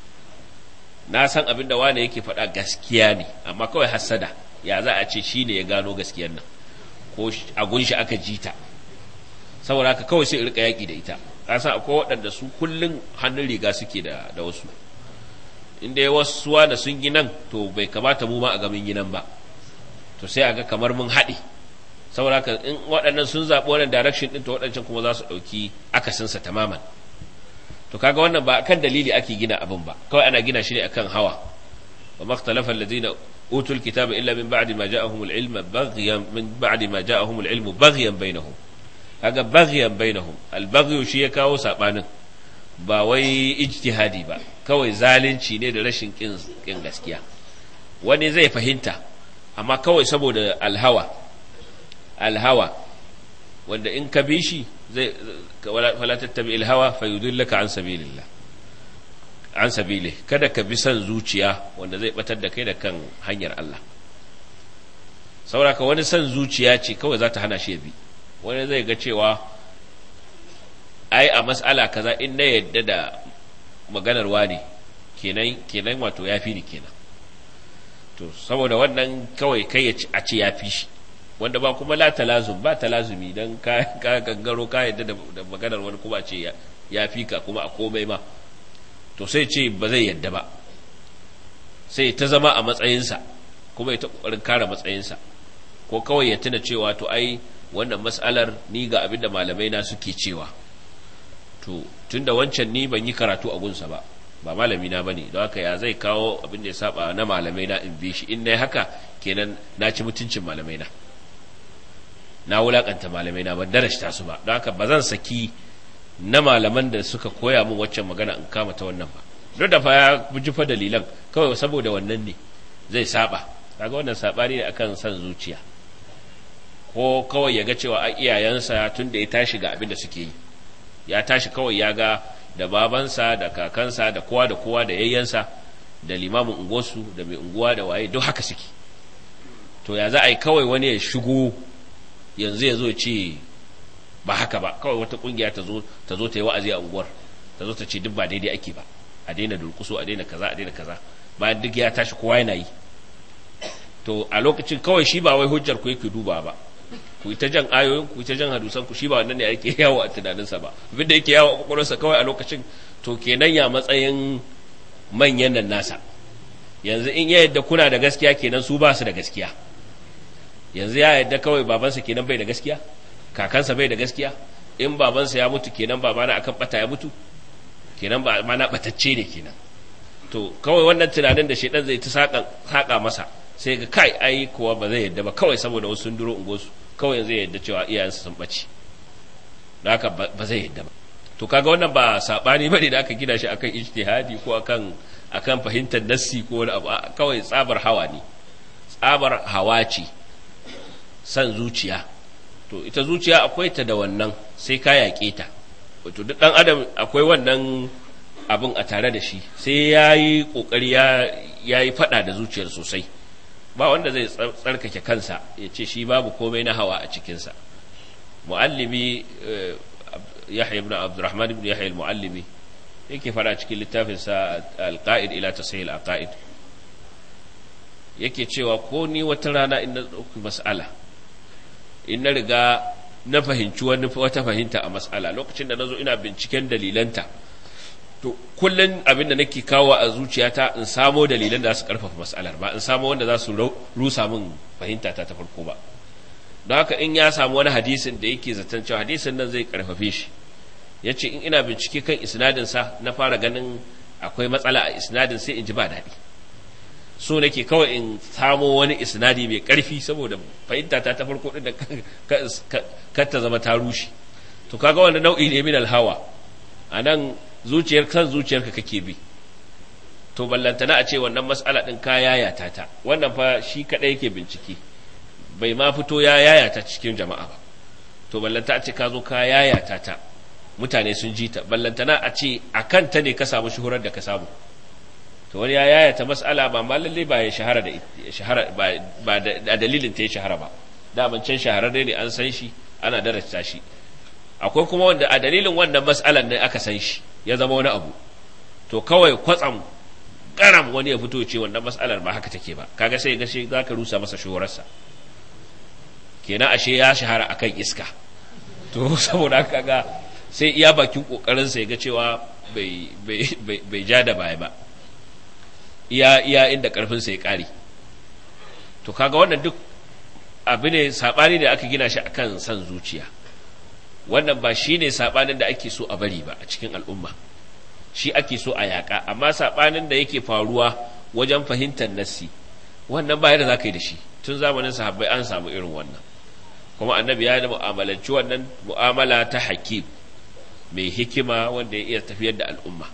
na san abin da wane yake faɗa gaskiya ne amma kawai hassada ya za a ce shine ya gano gaskiyar nan ko a gunshi aka jita saboda haka kawai sai rika yaƙi da ita kasa akwai waɗanda su kullum hannun riga suke da da wasu inda ya wasu da sun yi nan to bai kamata mu ma a ga mun ba to sai a ga kamar mun haɗe saboda haka in waɗannan sun zaɓi wannan direction ɗin to waɗancan kuma za su ɗauki akasinsa tamaman to kaga wannan ba kan dalili ake gina abin ba kawai ana gina shi ne akan hawa wa makhtalafa alladhina utul kitaba illa min ba'di ma ja'ahumul ilma baghyan bainahum kaga baghyan bainahum al shi ya kawo saɓanin. ba wai ijtihadi ba kawai zalunci ne da rashin kin gaskiya wani zai fahimta amma kawai saboda alhawa alhawa wanda in ka bi shi zai wala tattabi alhawa fayudillaka sami sabilillah an sabili kada ka bi son zuciya wanda zai batar da kai da kan hanyar Allah sauraka wani son zuciya ce kawai za ta hana shi bi wani zai ga cewa ai a mas'ala kaza in na yadda da maganar wani kenan kenan wato fi ni kenan to saboda wannan kawai kai ya a ce fi shi wanda ba kuma la talazum ba talazumi dan ka gangaro ka yadda da maganar wani kuma a ce ya fi ka kuma a komai ma to sai ce ba zai yadda ba sai ta zama a matsayinsa kuma ya ta ƙoƙarin kare matsayinsa ko kawai ya tuna cewa to ai wannan matsalar ni ga abin da malamai na suke cewa to tunda wancan ni ban yi karatu a gunsa ba ba malami na bane don haka ya zai kawo abin da ya saba na malamai na in bi shi in nai haka kenan na ci mutuncin malamai na na wulakanta malamai na ban darashta su ba don haka ba zan saki na malaman da suka koya min waccan magana in kama ta wannan ba duk da fa ya jufa dalilan kawai saboda wannan ne zai saba kaga wannan sabani ne akan san zuciya ko kawai ya ga cewa a iyayensa tun da ya tashi ga abin da suke yi ya tashi kawai ya ga da babansa da kakansa da kowa da kowa da yayyansa da limamin unguwarsu da mai unguwa da waye duk haka suke to ya za a yi kawai wani ya shigo yanzu ya zo ce ba haka ba kawai wata kungiya ta zo ta zo ta yi wa'azi a unguwar ta zo ta ce duk ba daidai ake ba a daina durkuso a daina kaza a daina kaza bayan duk ya tashi kowa yana yi to a lokacin kawai shi ba wai hujjar ku yake duba ba ku ta jan ayoyin ku ta jan hadusan ku shi ba wannan ne ake yawo a tunaninsa ba abinda yake yawo a kwakwalwarsa kawai a lokacin to kenan ya matsayin manyan nan nasa yanzu in ya yadda kuna da gaskiya kenan su ba su da gaskiya yanzu ya yadda kawai babansa kenan bai da gaskiya kakansa bai da gaskiya in babansa ya mutu kenan babana akan bata ya mutu kenan ba mana batacce ne kenan to kawai wannan tunanin da shedan zai ta saka masa sai ga kai ai kuwa ba zai yadda ba kawai saboda wasu ungo su kawai zai yadda cewa iyayensa sun bace da haka ba zai yadda ba to kaga wannan ba sabani bane da aka gina shi akan ijtihadi ko akan akan fahimtar nassi ko wani abu kawai tsabar hawa ne tsabar hawa ce san zuciya to ita zuciya akwai ta da wannan sai ka yaƙe ta wato duk ɗan adam akwai wannan abin a tare da shi sai ya yi ƙoƙari ya yi faɗa da zuciyar sosai ba wanda zai tsarkake kansa ya ce shi babu komai na hawa a cikinsa mu'allimi eh, yahya ibn abdurrahman ibn yahya al-mu'allimi yake faɗa cikin littafinsa al-qa'id ila tasahil aqaid yake cewa ko ni wata rana in na mas'ala in na riga na fahimci wani wata fahimta a matsala, lokacin da na zo ina binciken dalilanta to kullum abin da nake kawo a zuciyata in samo dalilan da za su karfafa matsalar ba in samo wanda za su rusa min fahimta ta ta farko ba don haka in ya samu wani hadisin da yake zaton cewa hadisin nan zai karfafe shi ya ce in ina bincike kan isnadinsa na fara ganin akwai matsala a isnadin sai in ji ba daɗi so nake kawai in samo wani isnadi mai karfi saboda fahimta ta farko din da kanta ta zama ta rushe to kaga wannan nau'i ne min alhawa a nan zuciyar kan zuciyarka kake bi to ballantana a ce wannan mas'ala din ka yayata ta wannan fa shi kadai yake bincike bai ma fito ya yayata cikin jama'a ba to ballanta a ce ka zo ka yayata ta mutane sun ji ta ballantana a ce akan ta ne ka samu shuhurar da ka samu to wani ya yayata mas'ala ba ma lalle ba ya shahara da shahara ba da dalilin ta ya shahara ba daman can shahararre ne an san shi ana darasta shi akwai kuma wanda a dalilin wannan mas'alan ne aka san shi ya zama wani abu to kawai kwatsam karam wani ya fito ce wannan mas'alar ba haka take ba kaga sai gashi zaka rusa masa shuhurarsa kenan ashe ya shahara akan iska to saboda kaga sai iya bakin kokarin sa ya ga cewa bai bai bai ja da baya ba iya iya inda karfinsa ya kare to kaga wannan duk abu ne sabani da aka gina shi akan san zuciya wannan ba shi ne sabanin da ake so a bari ba a cikin al'umma shi ake so a yaƙa amma sabanin da yake faruwa wajen fahimtar nassi wannan ba yadda za ka yi da shi tun zamanin sahabbai an samu irin wannan kuma annabi ya da mu'amalanci wannan mu'amala ta hakim mai hikima wanda ya iya tafiyar da al'umma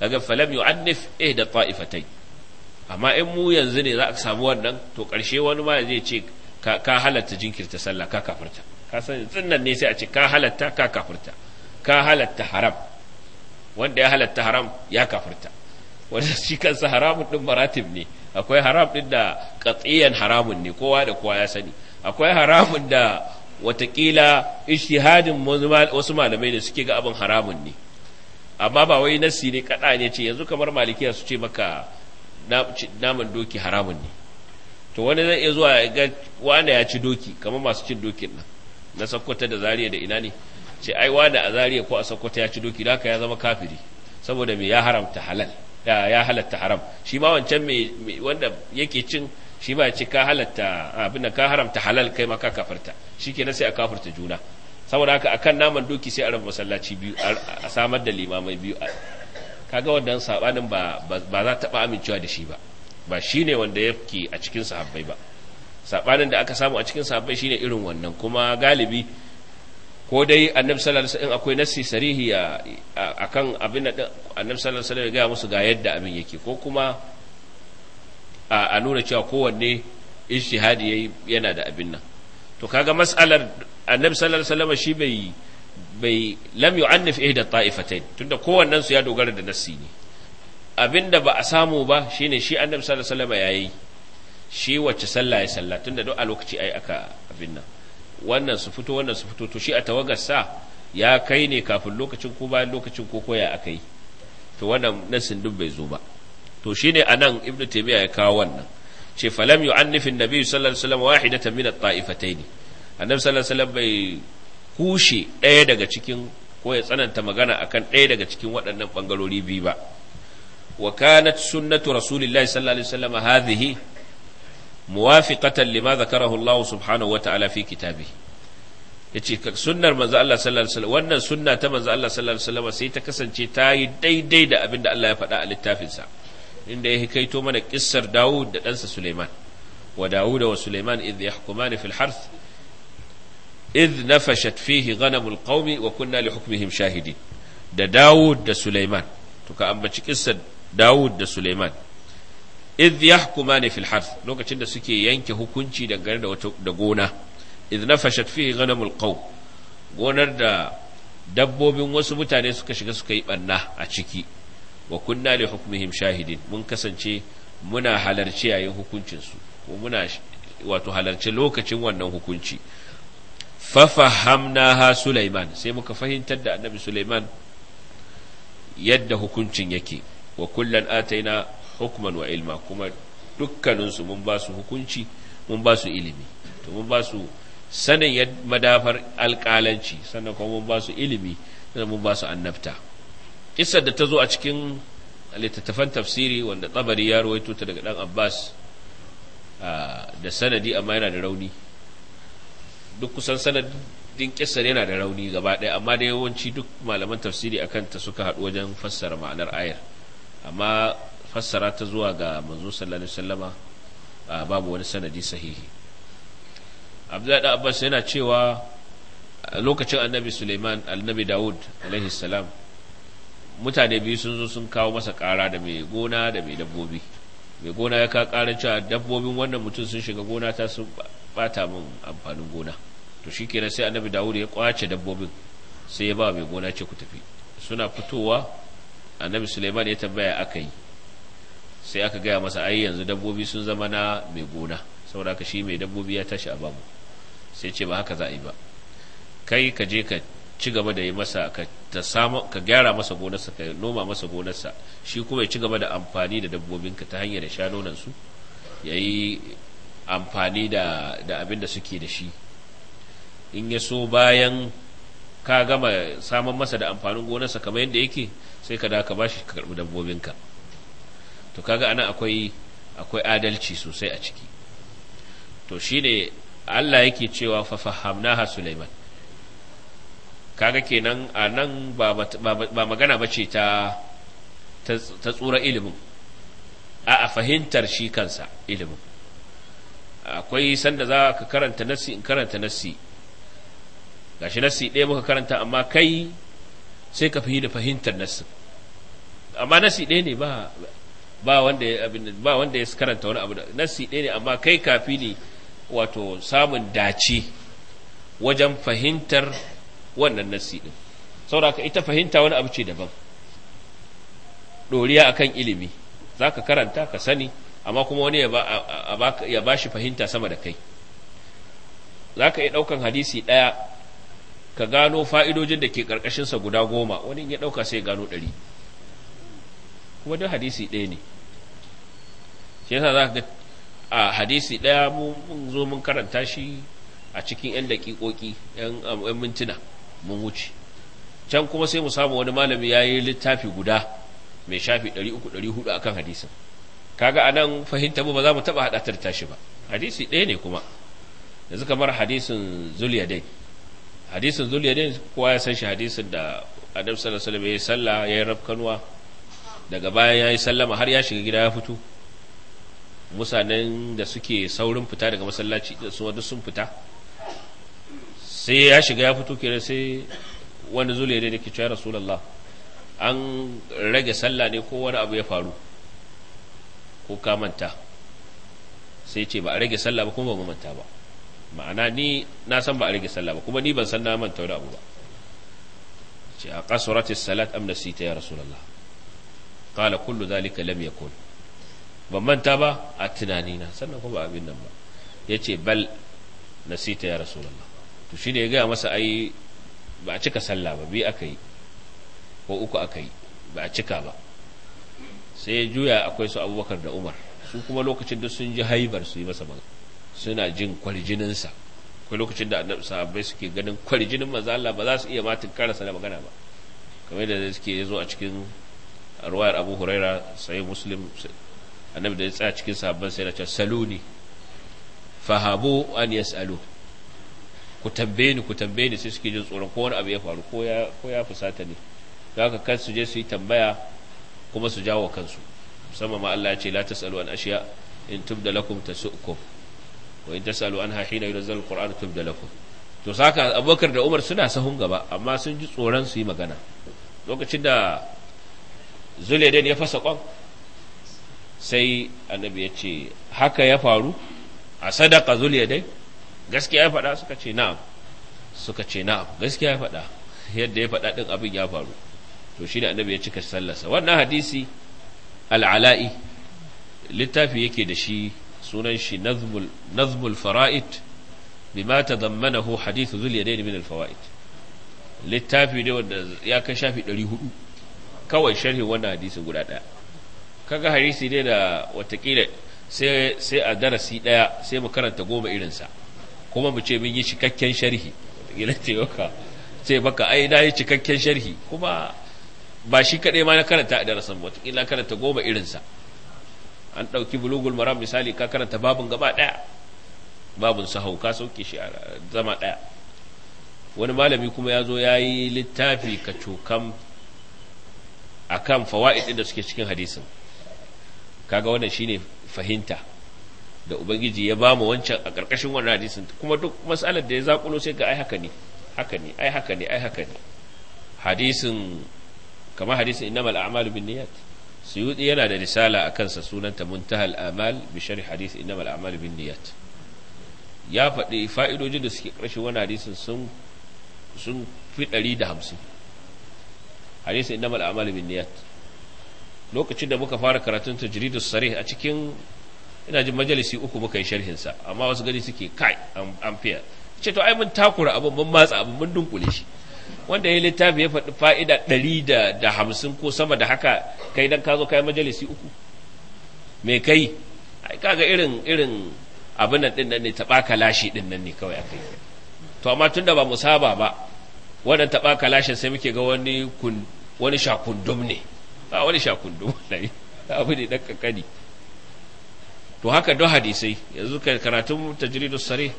kaga falam yu'annif da ta'ifatai amma in mu yanzu ne za a samu wannan to karshe wani ma zai ce ka halatta jinkirta sallah ka kafirta ka san tsinnan ne sai a ce ka halatta ka kafirta ka halatta haram wanda ya halatta haram ya kafirta wanda shi kansa haramun din maratib ne akwai haram din da katsiyan haramun ne kowa da kowa ya sani akwai haramun da watakila ishtihadin wasu malamai da suke ga abin haramun ne amma ba wai nasi ne kada ne ce yanzu kamar malikiya su ce maka naman doki haramun ne to wani zai iya zuwa ga wanda ya ci doki kamar masu cin dokin nan na sakkwata da zariya da ina ne ce ai wanda a zariya ko a sakkwata ya ci doki da haka ya zama kafiri saboda me ya haramta halal ya halatta haram shi ma wancan mai wanda yake cin shi ma ya ce ka halatta abin da ka haramta halal kai ma ka kafarta shi ke sai a kafarta juna saboda haka akan naman doki sai a raba masallaci biyu a samar da limamai biyu kaga wannan sabanin ba ba za ta taba amincewa da shi ba ba shine wanda yake a cikin sahabbai ba sabanin da aka samu a cikin sahabbai shine irin wannan kuma galibi ko dai annabi sallallahu alaihi wasallam akwai nassi sarihi akan abin da annabi sallallahu alaihi wasallam ya ga musu ga yadda abin yake ko kuma a nuna cewa kowanne ijtihadi yayi yana da abin nan to kaga mas'alar annabi sallallahu alaihi wasallam shi bai bai lam yu'annif ihda ta'ifatain tunda kowannen su ya dogara da nassi ne abinda ba a samu ba shine shi annabi sallallahu alaihi wasallam yayi shi wacce sallah ya sallah tunda duk a lokaci ai aka abin nan wannan su fito wannan su fito to shi a tawagar sa ya kai ne kafin lokacin ko bayan lokacin ko koya aka yi to wannan nassin duk bai zo ba to shine anan ibnu taymiya ya kawo wannan ce falam yu'annifin nabi sallallahu alaihi wasallam wahidatan min at-ta'ifatayn annabi sallallahu alaihi bai kushe ɗaya daga cikin ko ya tsananta magana akan ɗaya daga cikin waɗannan bangarori biyu ba wa kanat sunnatu rasulillahi sallallahu alaihi wasallam hadhihi muwafiqatan lima zakarahu Allah subhanahu wata'ala fi kitabihi yace sunnar manzo Allah sallallahu alaihi wasallam wannan sunna ta manzo Allah sallallahu alaihi wasallam sai ta kasance ta yi daidai da abin da Allah ya faɗa a littafinsa sa inda ya hikaito mana kissar Dawud da ɗansa Suleiman wa Dawud wa Suleiman idh yahkumani fil harth idh nafashat fihi ghanamul qaumi wa kunna li hukmihim shahidin da Dawud da Suleiman to ka ambaci kissar Dawud da Suleiman idh yahkumani fil harth lokacin da suke yanke hukunci dangane da wata da gona idh nafashat fihi ghanamul qaum gonar da dabbobin wasu mutane suka shiga suka yi banna a ciki wa kunna li hukmihim shahidin mun kasance muna halarci yayin hukuncin ko muna wato halarci lokacin wannan hukunci fa fahamnaha Sulaiman sai muka fahimtar da Annabi Sulaiman yadda hukuncin yake wa kullan ataina hukman wa ilma kuma dukkaninsu mun ba su hukunci mun ba su ilimi to mun ba su sanin madafar alƙalanci sannan kuma mun ba su ilimi sannan mun ba su annabta kissar da ta zo a cikin littattafan tafsiri wanda tsabari ya ruwaito ta daga dan abbas da sanadi amma yana da rauni duk kusan sanadin kisar yana da rauni gaba ɗaya amma da yawanci duk malaman tafsiri a kanta suka haɗu wajen fassara ma'anar ayar amma fassara ta zuwa ga manzo sallallahu alaihi wasallama babu wani sanadi sahihi abdullahi abbas yana cewa lokacin annabi suleiman annabi dawud alaihi salam mutane biyu sun zo sun kawo masa kara da mai gona da mai dabbobi mai gona ya ka kara cewa dabbobin wannan mutum sun shiga gona ta sun bata min amfanin gona to shi kenan sai annabi dawud ya kwace dabbobin sai ya ba mai gona ce ku tafi suna fitowa annabi suleiman ya tambaya aka yi sai aka gaya masa ai yanzu dabbobi sun zama na mai gona saboda haka shi mai dabbobi ya tashi a babu sai ce ba haka za a yi ba kai ka je ka ci gaba da yi masa ka ka gyara masa gonarsa ka noma masa gonarsa shi kuma ya ci gaba da amfani da dabbobinka ta hanyar sha nonan su ya amfani da da abin da suke da shi in ya so bayan ka gama saman masa da amfanin gonarsa kamar yadda yake sai ka da ka bashi ka karbi dabbobin ka to kaga anan akwai akwai adalci sosai a ciki to shine Allah yake cewa fa fahamnaha Sulaiman kaga kenan a nan ba magana ba ce ta tsura ilimin a a fahimtar shi kansa ilimin akwai sanda za ka karanta nassi in karanta nassi shi nassi ɗaya muka karanta amma kai sai ka fi da fahimtar nasi amma nassi ɗaya ne ba ba wanda ba wanda ya karanta wani abu nassi ɗaya ne amma kai kafi ne wato samun dace wajen fahimtar wannan nassi din saboda ita fahimta wani abu ce daban doriya akan ilimi zaka karanta ka sani amma kuma wani ya ba shi fahimta sama da kai za ka iya ɗaukan hadisi ɗaya ka gano fa'idojin da ke ƙarƙashinsa guda goma wani ya ɗauka sai gano ɗari kuma duk hadisi ɗaya ne shi yasa za ka a hadisi ɗaya mun zo mun karanta shi a cikin 'yan daƙiƙoƙi 'yan mintuna mun wuce can kuma sai mu samu wani malami ya yi littafi guda mai shafi 300-400 akan hadisin kaga anan fahimta mu ba za mu taba hada ta tashi ba hadisi ɗaya ne kuma yanzu kamar hadisin zuliyadai hadisin zuliyadai kowa ya san shi hadisin da adam sallallahu alaihi ya yi sallah ya yi rafkanuwa daga bayan ya yi sallama har ya shiga gida ya fito musanen da suke saurin fita daga masallaci da su sun fita sai ya shiga ya fito kira sai wani zule ne da ke cewa rasulallah an rage sallah ne ko wani abu ya faru ko ka manta sai ce ba a rage sallah ba kuma ba manta ba ma'ana ni na san ba a rage sallah ba kuma ni ban san na manta wani abu ba ce a kasurati salat am nasita ya rasulallah qala kullu zalika lam yakun ban manta ba a tunanina sannan kuma abin nan ba yace bal nasita ya rasulallah to shi ne ya gaya masa ai ba a cika sallah ba biyu aka yi ko uku aka yi ba a cika ba sai ya juya akwai su abubakar da umar su kuma lokacin da sun ji haibar su yi masa ba suna jin kwarjininsa akwai lokacin da annabi sahabbai suke ganin kwarjinin manzo Allah ba za su iya matin karasa da magana ba kamar da suke yazo a cikin ruwayar Abu Huraira sai Muslim annabi da ya tsaya cikin sahabban sai ya ce saluni fahabu an yasalu ku tambaye ni ku tambaye ni sai suke jin tsoron ko wani abu ya faru ko ya fusata ne haka kan su je su yi tambaya kuma su jawo kansu musamman ma Allah ya ce la tasalu an ashiya in tubda lakum tasukum wa in tasalu anha hina yunzal alquran tubda lakum to saka Abubakar da Umar suna sahun gaba amma sun ji tsoron su yi magana lokacin da Zulaidan ya fasa kwan sai annabi ya ce haka ya faru a sadaka Zulaidan gaskiya ya faɗa suka ce na'am suka ce na'am gaskiya ya faɗa yadda ya faɗa ɗin abin ya faru to shi ne annabi ya cika sallarsa wannan hadisi al'ala'i littafi yake da shi sunan shi nazmul fara'id bima tadammanahu hadithu zul yadayn min al-fawaid littafi ne wanda ya kai shafi 400 kawai sharhi wannan hadisi guda daya kaga hadisi ne da watakila sai a darasi ɗaya sai mu karanta goma irinsa kuma mu ce mun yi cikakken sharhi gila ce maka ce baka ai na yi cikakken sharhi kuma ba shi kaɗai ma na karanta a darasan wataƙila karanta goma irin sa. an ɗauki bulugul maram misali ka karanta babun gaba ɗaya babun sahau ka sauke shi a zama ɗaya wani malami kuma ya zo ya yi littafi ka cokan a kan fawa'id da suke cikin hadisin kaga wannan shine fahimta da ubangiji ya ba mu wancan a ƙarƙashin wannan hadisin kuma duk matsalar da ya zakulo sai ga ai haka ne haka ne ai haka ne ai haka ne hadisin kamar hadisin innamal a'malu binniyat suyuti yana da risala a kansa sunanta muntahal amal bi sharh hadith innamal a'malu binniyat ya faɗi fa'idojin da suke ƙarshen wannan hadisin sun sun fi 150 hadisin innamal a'malu binniyat lokacin da muka fara karatun tajridus sarih a cikin ina jin majalisi uku muka yi sharhin sa amma wasu gani suke kai an fiya ce to ai mun takura abin mun matsa abin mun dunkule shi wanda ya littafi ya faɗi fa'ida ɗari da hamsin ko sama da haka kai dan ka zo kai majalisi uku me kai ai kaga irin irin abin nan dinnan ne taɓaka lashi dinnan ne kawai akai to amma tunda ba mu saba ba wannan taɓaka lashin sai muke ga wani kun wani shakundum ne ba wani shakundum wallahi abu ne dan kankani to haka don hadisai yanzu karatun tajridus sarih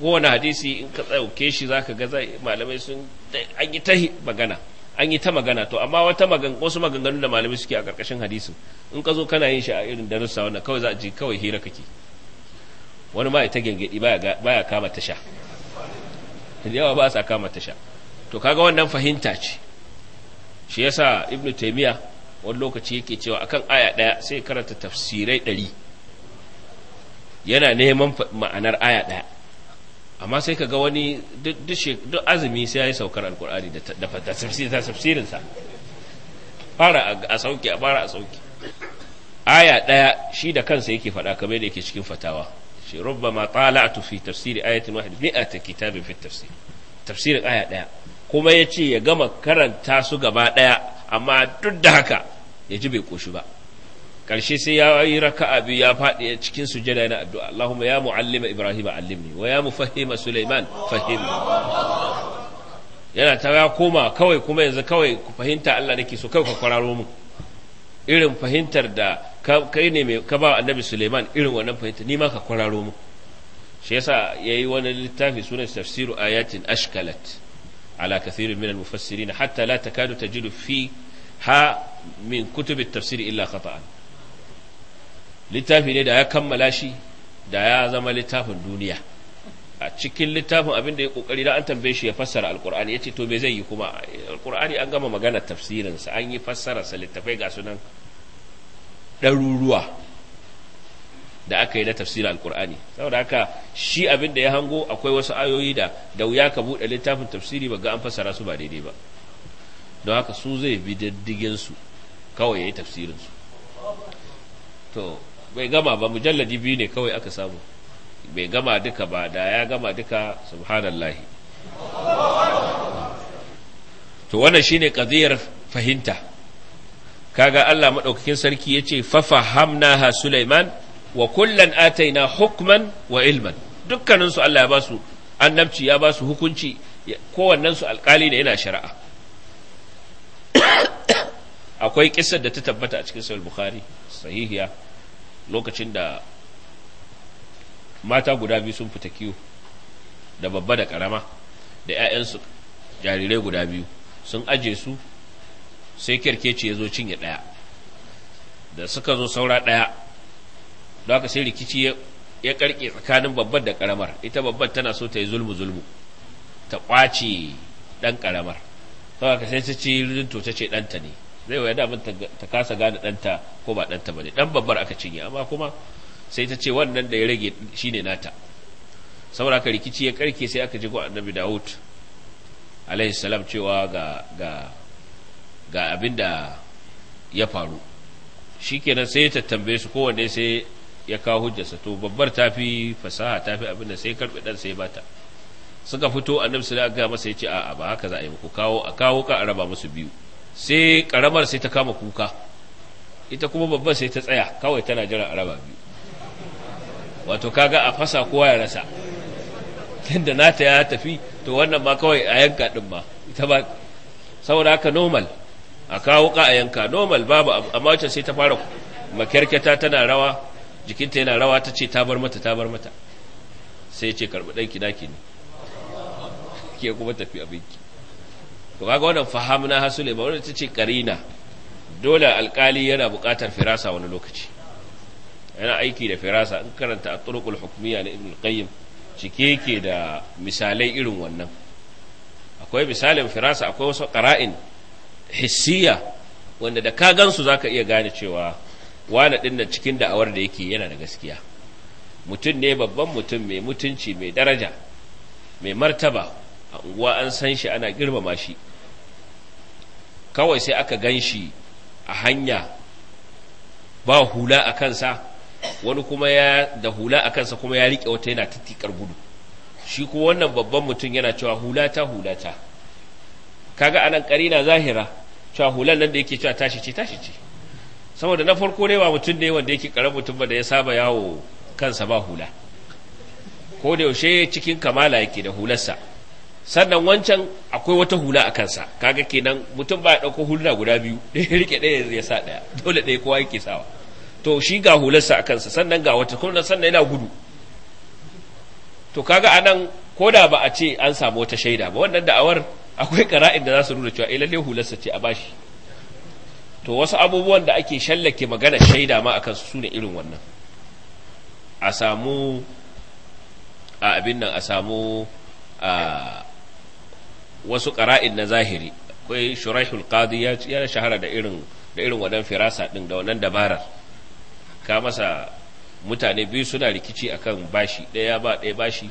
kowane hadisi in ka tsauke shi za ka ga malamai sun an yi ta magana an yi ta magana to amma wata magan wasu maganganu da malamai suke a ƙarƙashin hadisin in ka zo kana yin shi a irin darussa wannan kawai za a ji kawai hira kake wani ma gyangyaɗi gengedi baya kama sha. da yawa ba sa kama ta sha. to kaga wannan fahimta ce shi yasa ibnu taymiya wani lokaci yake cewa akan aya ɗaya, sai karanta tafsirai ɗari yana neman ma'anar aya ɗaya amma sai ka ga wani duk azumi sai ya yi saukar alkur'ani da tafsirinsa fara a sauki a fara a sauki aya ɗaya shi da kansa yake faɗa kamar da yake cikin fatawa shi rubba ma a tufi tafsiri ayatin wahid mi'ata kitabin fi tafsir tafsirin aya ɗaya kuma ya ce ya gama karanta su gaba ɗaya amma duk da haka ya ji bai koshi ba karshe sai ya yi raka'a biyu ya faɗi cikin sujada yana addu'a Allahumma ya mu'allima Ibrahim allimni wa ya fahima Suleiman fahimni yana ta ya koma kawai kuma yanzu kawai ku fahimta Allah nake so kawai ka kwararo mu irin fahimtar da kai ne mai ka ba Annabi Suleiman irin wannan fahimta ni ma ka kwararo mu shi yasa yayi wani littafi sunan tafsiru ayatin ashkalat ala kathirin min al-mufassirin hatta la takadu tajidu fi ha min kutub at illa khata'an littafi ne da ya kammala shi da ya zama littafin duniya a cikin littafin abin da ya kokari da an tambaye shi ya fassara alkur'ani ya ce to me zai yi kuma alkur'ani an gama magana tafsirinsa an yi fassararsa littafai ga sunan ɗaruruwa da aka yi na tafsirin alkur'ani saboda haka shi abin da ya hango akwai wasu ayoyi da da wuya ka buɗe littafin tafsiri ba ga an fassara su ba daidai ba don haka su zai bi diddigin su kawai ya yi tafsirin su to bai gama ba mujalladi biyu ne kawai aka samu bai gama duka ba da ya gama duka subhanallahi to wannan shine qadiyar fahimta kaga Allah madaukakin sarki yace fa fahamnaha Sulaiman wa kullan ataina hukman wa ilman dukkanin su Allah ya ba su annabci ya ba su hukunci kowannen su alkali da yana shari'a akwai kissar da ta tabbata a cikin sahih bukhari sahihiya lokacin da mata guda biyu sun fita kiwo da babba da karama da 'ya'yansu jarirai guda biyu sun aje su sai kyarkeci ya zo cinye ɗaya da suka zo saura ɗaya don haka sai rikici ya karke tsakanin babbar da karamar ita babbar tana so ta yi zulmu zulmu ta ƙwace ɗan karamar kawai ka sai ta ce ta ce ɗanta ne zai waya damin ta kasa gane ɗanta ko ba ɗanta ba ne ɗan babbar aka cinye amma kuma sai ta ce wannan da ya rage shi ne nata saboda haka rikici ya karke sai aka ji ko annabi dawud alaihi salam cewa ga ga ga abin da ya faru shi shikenan sai ta tambaye su kowanne sai ya kawo hujjarsa to babbar ta fi fasaha ta fi abin da sai karɓi ɗan sai bata suka fito annabi sai aka masa ya ce a'a ba haka za a yi ku kawo a kawo ka a raba musu biyu sai karamar sai ta kama kuka ita kuma babban sai ta tsaya kawai tana jira a raba biyu wato kaga a fasa kowa ya rasa tunda nata ya tafi to wannan ma kawai a yanka din ma ita ba saboda haka normal a kawo ka a yanka normal babu amma wacce sai ta fara makyarketa tana rawa jikinta yana rawa ta ce ta bar mata ta bar mata sai ce karbi ɗanki naki ne ke kuma tafi abinki to kaga wannan na hasule ba wannan tace karina dole alkali yana buƙatar firasa wani lokaci yana aiki da firasa in karanta at-turuqul hukmiyya na ibn qayyim cike yake da misalai irin wannan akwai misalin firasa akwai wasu qara'in hissiya wanda da ka gansu zaka iya gane cewa wani din da cikin da'awar da yake yana da gaskiya mutum ne babban mutum mai mutunci mai daraja mai martaba wa an san shi ana girmama shi kawai sai aka gan shi a hanya ba hula a kansa wani kuma ya da hula a kansa kuma ya riƙe wata yana tattikar gudu shi kuma wannan babban mutum yana cewa hulata hulata kaga anan karina zahira cewa hulan nan da yake cewa tashi ce tashi ce saboda na farko ne ba mutum ne wanda yake karar mutum ba da ya saba yawo kansa ba hula ko da yaushe cikin kamala yake da hularsa sannan wancan akwai wata hula a kansa kaga kenan mutum ba ya ɗauko hula guda biyu ya rike ɗaya ya sa ɗaya dole ɗaya kowa yake sawa to shi ga hularsa a kansa sannan ga wata kuma sannan yana gudu to kaga anan ko da ba a ce an samu wata shaida ba wannan da'awar akwai kara'in da za su nuna cewa eh lalle hularsa ce a bashi to wasu abubuwan da ake shallake magana shaida ma akan su ne irin wannan a samu a abin nan a samu wasu ƙara'in na zahiri akwai shurahul qadi ya shahara da irin da irin wadan firasa din da wannan dabarar ka masa mutane biyu suna rikici akan bashi ɗaya ba ɗaya bashi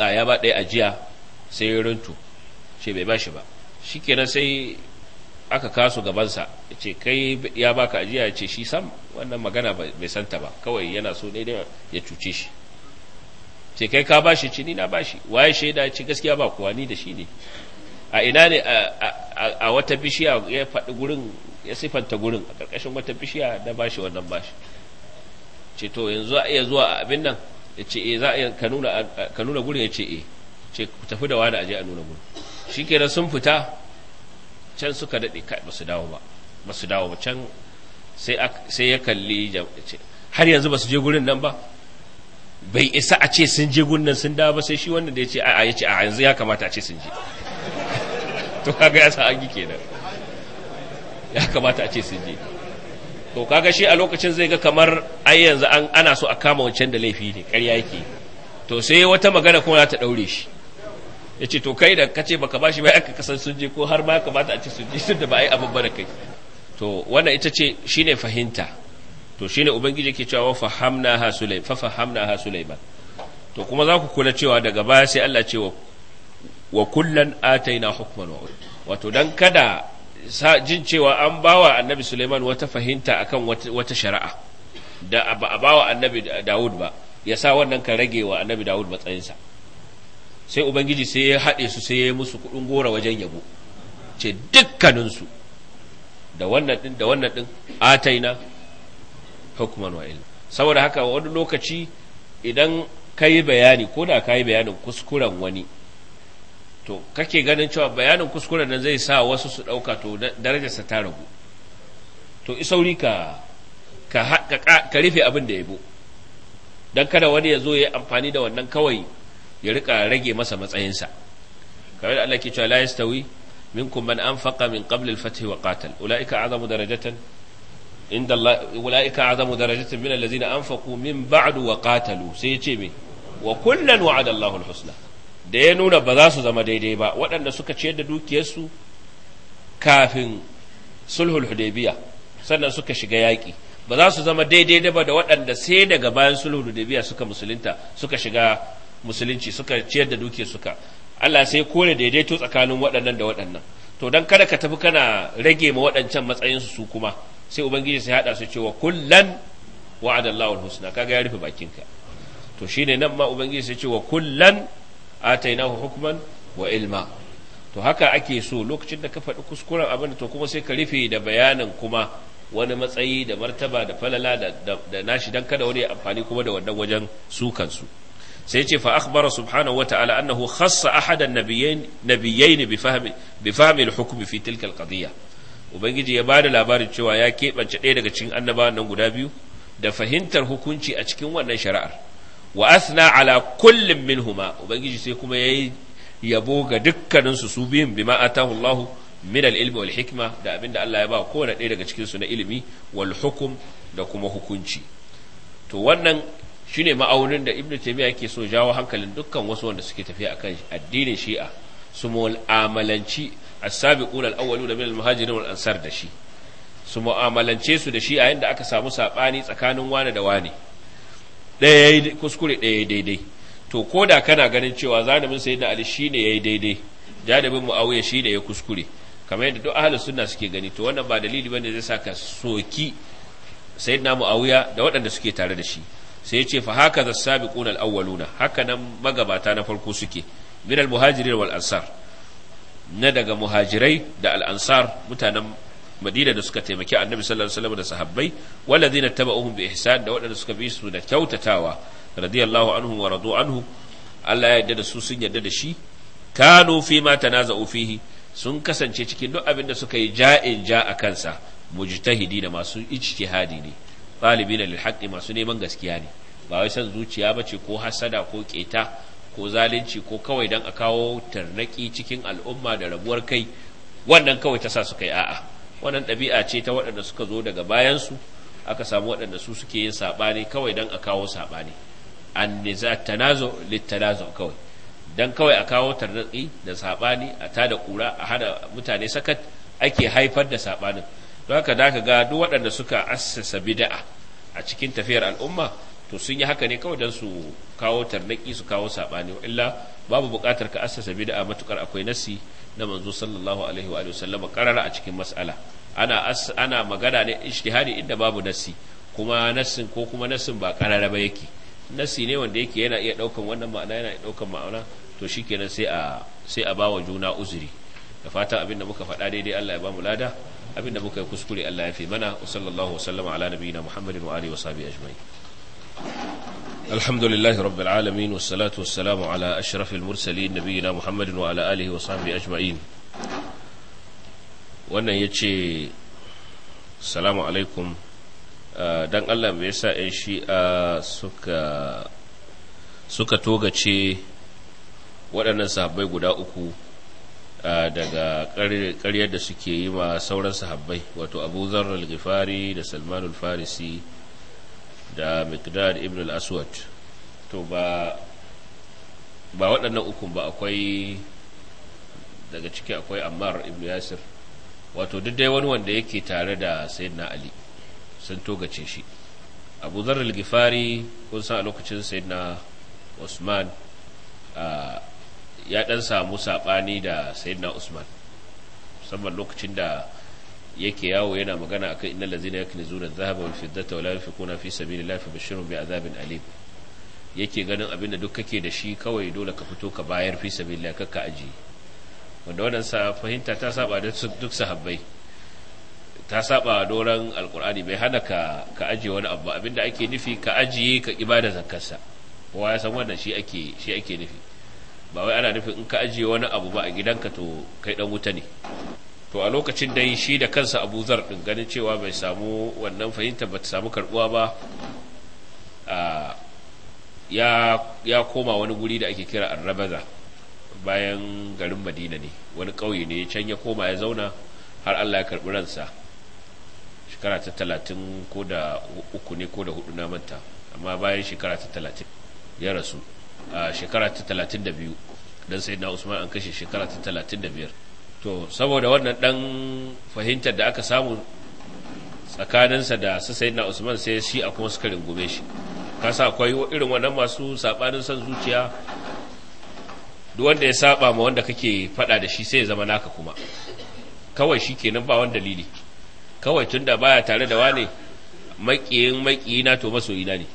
ya ba ɗaya ajiya sai ya runtu ce bai bashi ba shikenan sai aka kasu gabansa ya ce kai ya baka ajiya ya ce shi sam wannan magana bai santa ba kawai yana so ne ya cuce shi ce kai ka bashi ci ni na bashi waye shaida ce gaskiya ba kuwa ni da shi ne a ina ne a wata bishiya ya faɗi gurin ya sifanta gurin a ƙarƙashin wata bishiya na bashi wannan bashi ce to yanzu a iya zuwa abin nan ya ce eh za a ka nuna gurin ya ce eh ce tafi da wani aje a nuna gurin shi kenan sun fita can suka daɗe kai ba su dawo ba ba su dawo ba can sai ya kalli har yanzu ba su je gurin nan ba bai isa a ce sun je gunnan sun dawo ba sai shi wannan da ya ce a'a ya ce a yanzu ya kamata a ce sun je to kaga ya sa agi kenan ya kamata a ce sun je to kaga shi a lokacin zai ga kamar ai yanzu an ana so a kama wancan da laifi ne ƙarya yake to sai wata magana kuma ta daure shi ya ce to kai da ka ce baka bashi bai aka kasan sun je ko har ma ya kamata a ce sun je tunda ba yi abin ba da kai to wannan ita ce shine fahimta to ne ubangiji ke cewa fahamna ha sulaiman fa ha sulaiman to kuma za ku kula cewa daga baya sai Allah ce wa kullan ataina hukman wa wato dan kada jin cewa an bawa annabi Sulaiman wata fahimta akan wata shari'a da ba a bawa annabi daud ba ya sa wannan ka rage wa annabi Dawud matsayinsa sai ubangiji sai ya haɗe su sai ya yi musu kuɗin gora wajen yabo ce dukkaninsu da wannan ɗin da wannan ɗin ataina Hukuman wa ilma saboda haka wani lokaci idan ka yi bayani ko da ka yi bayanin kuskuren wani to kake ganin cewa bayanin kuskuren nan zai sa wasu su ɗauka to darajarsa ta ragu to isauri ka ka rufe abin da ya bo don kada wani ya zo ya amfani da wannan kawai ya rika rage masa matsayinsa kamar da Allah ke cewa la yastawi minkum man anfaqa min qabl al-fath wa qatal ulaika azamu darajatan inda ula'ika azamu darajatin min an faku min ba'adu wa qatalu sai yace me wa kullan wa'ada Allahu al-husna da ya nuna ba za su zama daidai ba waɗanda suka ciyar da dukiyarsu kafin sulhul hudaybiya sannan suka shiga yaƙi ba za su zama daidai ba da waɗanda sai daga bayan sulhul hudaybiya suka musulunta suka shiga musulunci suka ciyar da duke suka Allah sai kore daidaito tsakanin waɗannan da waɗannan to dan kada ka tafi kana rage ma waɗancan matsayinsu su kuma sai ubangiji sai hada su cewa kullan wa'ada Allahul husna kaga ya rufe bakinka to shine nan ma ubangiji sai cewa kullan atainahu hukman wa ilma to haka ake so lokacin da ka faɗi kuskuren abin to kuma sai ka rufe da bayanin kuma wani matsayi da martaba da falala da nashi dan kada wani amfani kuma da wannan wajen su kansu sai ce fa akhbara subhanahu wa ta'ala annahu khassa ahadan nabiyyin nabiyyin bi fahmi bi fahmi al-hukm fi tilka al ubangiji ya ba da labarin cewa ya keɓance ɗaya daga cikin annabawan nan guda biyu da fahimtar hukunci a cikin wannan shari'ar wa asna ala kullum huma ubangiji sai kuma yayi yabo ga dukkaninsu su su biyun bima atahu Allah min al-ilmi wal hikma da abinda Allah ya ba kowane ɗaya daga cikinsu na ilimi wal hukum da kuma hukunci to wannan shine ma'aunin da ibnu Taymiyyah yake so jawo hankalin dukkan wasu wanda suke tafiya akan addinin Shi'a su mu'amalanci as-sabiqun al-awwaluna min al-muhajirin da shi su mu'amalance su da shi a yanda aka samu sabani tsakanin wani da wani ɗaya yayi kuskure ɗaya yayi daidai to ko da kana ganin cewa zalimin sayyidina ali shine yayi daidai jadabin muawiya shine ya kuskure kamar yadda duk ahlus sunna suke gani to wannan ba dalili bane zai sa ka soki sayyidina muawiya da waɗanda suke tare da shi sai ya ce fa haka zasabiquna al-awwaluna haka nan magabata na farko suke min al-muhajirin wal ansar na daga muhajirai da al'ansar mutanen madina da suka taimaki annabi sallallahu alaihi wasallam da sahabbai walladhina tabauhum bi ihsan da waɗanda suka bi su da kyautatawa radiyallahu anhu wa radu anhu Allah ya yarda da su sun yarda da shi kanu fi ma tanaza'u fihi sun kasance cikin duk abin da suka yi ja'in ja a kansa mujtahidi da masu ijtihadi ne talibina lil haqqi masu neman gaskiya ne ba wai san zuciya bace ko hasada ko keta ko zalunci ko kawai don a kawo tarnaki cikin al'umma da rabuwar kai wannan kawai ta sa su kai a'a wannan ɗabi'a ce ta waɗanda suka zo daga bayansu aka samu waɗanda su suke yin saɓani kawai don a kawo saɓani an niza tanazo littanazo kawai Don kawai a kawo tarnaki da saɓani a ta da ƙura a hana mutane sakat ake haifar da saɓanin don haka ga duk waɗanda suka assasa bida'a a cikin tafiyar al'umma to sun yi haka ne kawai don su kawo tarnaki su kawo saɓani. illa babu buƙatar ka assasa a matukar akwai nasi na manzo sallallahu alaihi wa sallama karara a cikin mas'ala ana ana magana ne ijtihadi inda babu nasi kuma nasin ko kuma nasin ba karara ba yake nasi ne wanda yake yana iya daukan wannan ma'ana yana iya daukan ma'ana to shikenan sai a sai a bawa juna uzuri da fatan abin da muka faɗa daidai Allah ya bamu lada abin da muka yi kuskure Allah ya fi mana sallallahu alaihi wa sallama ala nabiyina Muhammadin wa alihi wa sahbihi ajma'in الحمد لله رب العالمين والصلاة والسلام على أشرف المرسلين نبينا محمد وعلى آله وصحبه أجمعين wannan ya ce salamu alaikum don allah mai yasa 'yan shi'a suka togace waɗannan sahabbai guda uku daga ƙaryar da suke yi ma sauran sahabbai wato abu zarar al-ghifari da salmanul al-farisi da miqdad ibn al-aswad to ba ba waɗannan ukun ba akwai daga ciki akwai ammar ibn yasir wato duk dai wani wanda yake tare da sayyidina ali sun togace shi abu zarar gifari kun san a lokacin sayyidina usman ya ɗan samu saɓani da sayyidina usman musamman lokacin da yake yawo yana magana akan innal ladzina yaknizuna adh-dhahaba wal fiddata wa la yunfiquna fi sabilillahi fabashshirhum bi'adhabin alim yake ganin abinda duk kake da shi kawai dole ka fito ka bayar fi sabilillahi kakka aji wanda wannan sa fahimta ta saba da duk sahabbai ta saba doran alqur'ani bai hana ka ka aje wani abu abinda ake nufi ka ajiye ka ibada zakkarsa kowa ya san wannan shi ake shi ake nufi ba wai ana nufin in ka ajiye wani abu ba a gidanka to kai dan wuta ne to a lokacin da shi da kansa abu zar din ganin cewa bai samu wannan fahimta ba ta samu karbuwa ba ya koma wani guri da ake kira arrabaza bayan garin madina ne wani ƙauye ne can ya koma ya zauna har allah ya karɓi ransa shekara ta talatin ko da uku ne ko da hudu na manta amma bayan shekara ta talatin ya rasu a shekara ta talatin da biyu don sai na usman an kashe shekara ta talatin da biyar to saboda wannan dan fahimtar da aka samu tsakaninsa da su na usman sai shi a kuma suka rungume shi kasa akwai irin wannan masu sabanin son zuciya duk wanda ya saba ma wanda kake fada da shi sai ya zama naka kuma kawai shi ke nan ba wani dalili kawai tun da baya tare da wane maƙiyin na to masoyina ne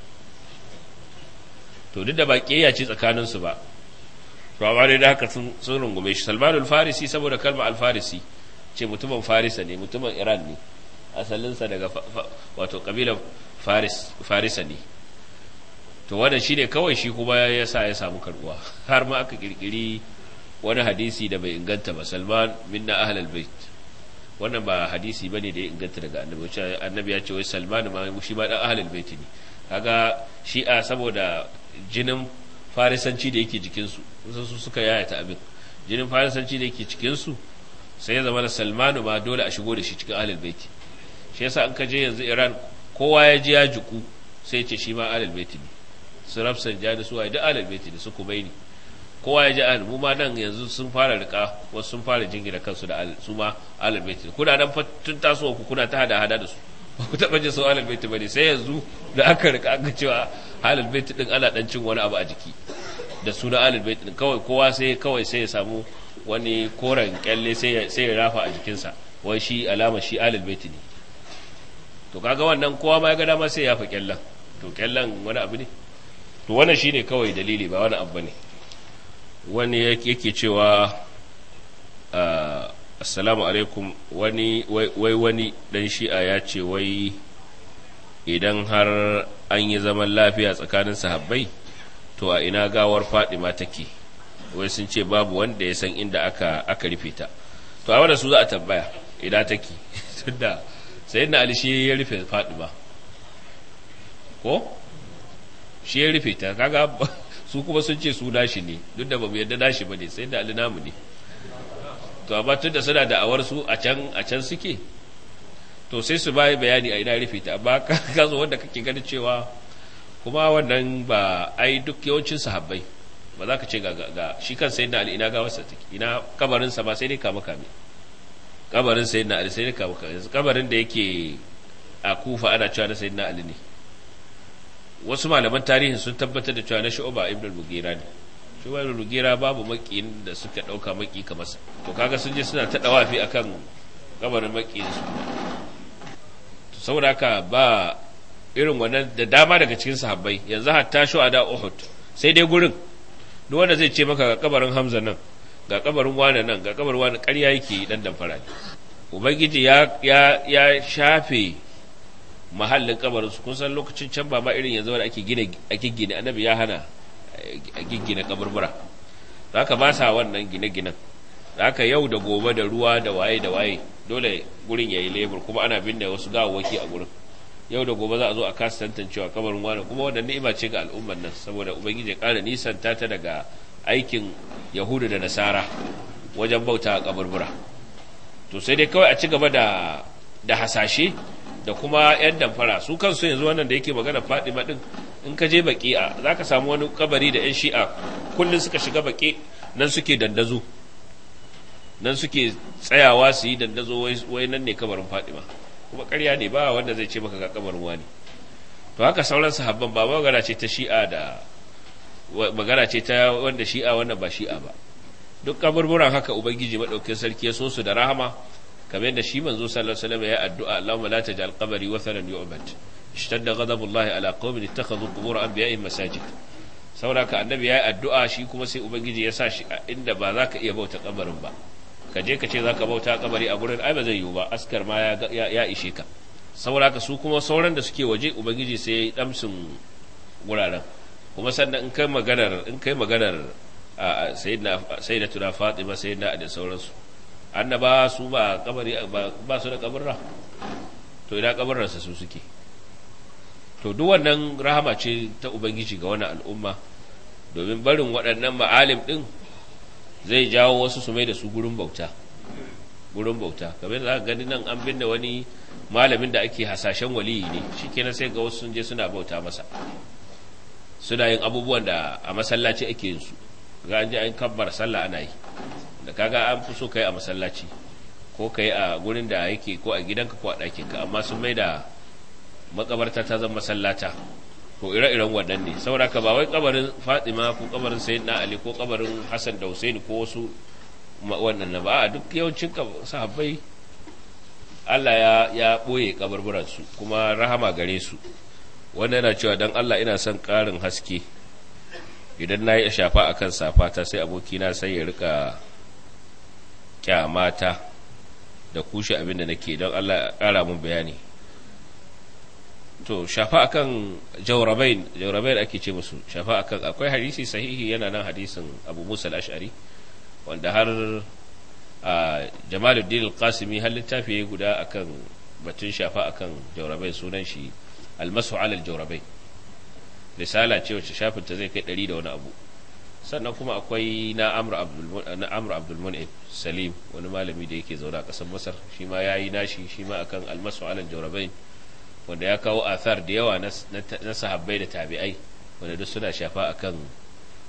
to duk da ba ƙiyayya tsakaninsu ba to amma dai da haka sun rungume shi salmanul farisi saboda kalma alfarisi ce mutumin farisa ne mutumin iran ne asalinsa daga wato kabilar farisa ne to wannan shine kawai shi kuma ya sa ya samu karbuwa har ma aka kirkiri wani hadisi da bai inganta ba salman minna ahlal bait wannan ba hadisi ba ne da ya inganta daga annabi annabi ya ce wai salman ma shi ma dan ahlul bait ne kaga a saboda jinin farisanci da yake jikinsu kusan su suka yayata abin jinin farisanci da yake cikinsu sai ya zama da salmanu ma dole a shigo da shi cikin ahlul baiti shi yasa an kaje yanzu iran kowa ya ji ya jiku sai ce shi ma ahlul baiti ne su rafsan ja da suwaye duk ahlul baiti ne su ni? kowa ya ji ahlul mu ma nan yanzu sun fara rika wasu sun fara jingina kansu da su ma ahlul baiti kuna nan fa tun tasowa ku kuna ta hada hada da su ba ku taɓa jin su ahlul baiti bane sai yanzu da aka rika aka cewa ahlul baiti din ana dan cin wani abu a jiki da suna alil bait kawai kowa sai kawai sai ya samu wani koren kyalle sai ya rafa a jikinsa wai shi alama shi alil bait ne to kaga wannan kowa ma ya ga dama sai ya fa kyallan to kyallan wani abu ne to wannan shine kawai dalili ba wani abu ne. wani yake cewa ah, assalamu alaikum wani wai wani dan shi'a ya ce wai idan har an yi zaman lafiya tsakanin sahabbai to a ina gawar fadima take wai sun ce babu wanda ya san inda aka aka rufe ta to a wanda su za a tambaya ina take tunda sayyidina ali shi ya rufe fadima ko shi ya rufe ta kaga su kuma sun ce su nashi ne duk da bamu yarda nashi bane sayyidina ali namu ne to amma tunda suna da'awar su a can a can suke to sai su bayi bayani a ina rufe ta amma ka zo wanda kake ganin cewa kuma wannan ba ai duk yawancin sahabbai ba za ka ce ga shi kan sayyidina ali ina wasu take ina kabarin sa ba sai dai kama kame kabarin na ali sai dai kama kame kabarin da yake a kufa ana cewa na na ali ne wasu malaman tarihin sun tabbatar da cewa na shu'ba ibn al-mughira ne shu'ba ibn al babu makiyin da suka dauka maki kamar sa to kaga sun je suna ta dawafi akan kabarin makiyin su saboda haka ba irin wannan da dama daga cikin sahabbai yanzu a ada Uhud sai dai gurin duk wanda zai ce maka ga kabarin Hamza nan ga kabarin wani nan ga kabarin wani ƙarya yake dan dan fara ubangiji ya ya ya shafe mahallin kabarin su kun san lokacin can ba irin yanzu wanda ake gina ake gina annabi ya hana a giggina kaburbura zaka ba sa wannan gine-ginen zaka yau da gobe da ruwa da waye da waye dole gurin yayi lebur kuma ana binne wasu gawawwaki a gurin yau da gobe za a zo a kasa tantancewa kabarin wani kuma wannan ni'ima ce ga al'ummar nan saboda ubangiji ya kara nisan ta daga aikin yahudu da nasara wajen bauta a kaburbura to sai dai kawai a ci gaba da da hasashe da kuma yan damfara su kansu yanzu wannan da yake magana fadima din in ka je a za ka samu wani kabari da yan shi'a kullum suka shiga baki nan suke dandazo nan suke tsayawa su yi dandazo wai nan ne kabarin fadima kuma ƙarya ne ba wanda zai ce maka ga kamar ne. to haka sauran sahabban ba magana ce ta shi'a da magana ce ta wanda shi'a wanda ba shi'a ba duk kaburburan haka ubangiji madaukakin sarki ya so su da rahama kamar da shi manzo sallallahu alaihi wasallam ya addu'a Allahumma la taj'al qabri thalan yu'bad ishtadda ghadabullahi ala qaumin ittakhadhu qubur anbiya'ihim masajid saboda ka annabi ya yi addu'a shi kuma sai ubangiji ya sa shi inda ba za ka iya bauta kabarin ba ka je ka ce za ka bauta kabari a gurin ai ba zai yiwu ba askar ma ya ishe ka saboda ka su kuma sauran da suke waje ubangiji sai ya yi damsin wuraren kuma sannan in kai maganar in kai maganar a sayyidina sayyidina tuna fatima sayyidina da sauransu annaba su ba kabari ba su da kabarra to ina kabarransa su suke to duk wannan rahama ce ta ubangiji ga wannan al'umma domin barin waɗannan ma'alim ɗin zai jawo wasu su mai da su gurin bauta gurin bauta kamar za ka gani nan an binne wani malamin da ake hasashen waliyi ne shi kenan sai ga wasu sun je suna bauta masa suna yin abubuwan da a masallaci ake yin su ga an je an kabbar sallah ana yi da kaga an fi so kai a masallaci ko kai a gurin da yake ko a gidanka ko a ɗakinka amma sun mai da makabarta ta zama masallata ko ire-iren wannan ne saboda ka ba wai kabarin fatima ko kabarin sayyidina ali ko kabarin hassan da husaini ko wasu wannan ba a duk yawancin sahabbai Allah ya ɓoye boye kuma rahama gare su wanda yana cewa dan Allah ina son karin haske idan na yi shafa akan safata sai abokina sai ya rika kyamata da kushe abin da nake don Allah ya kara mun bayani to shafa akan jaurabain jaurabain ake ce musu shafa akan akwai hadisi sahihi yana nan hadisin abu musa al-ash'ari wanda har a jamaluddin al-qasimi har littafi ya guda akan batun shafa akan jaurabain sunan shi almasu alal jaurabain risala ce wacce shafin ta zai kai ɗari da wani abu sannan kuma akwai na amr abdul mun'im salim wani malami da yake zaune a ƙasar masar shi ma yi nashi shi ma akan almasu alal jaurabain wanda ya kawo athar da yawa na sahabbai da tabi'ai wanda duk suna shafa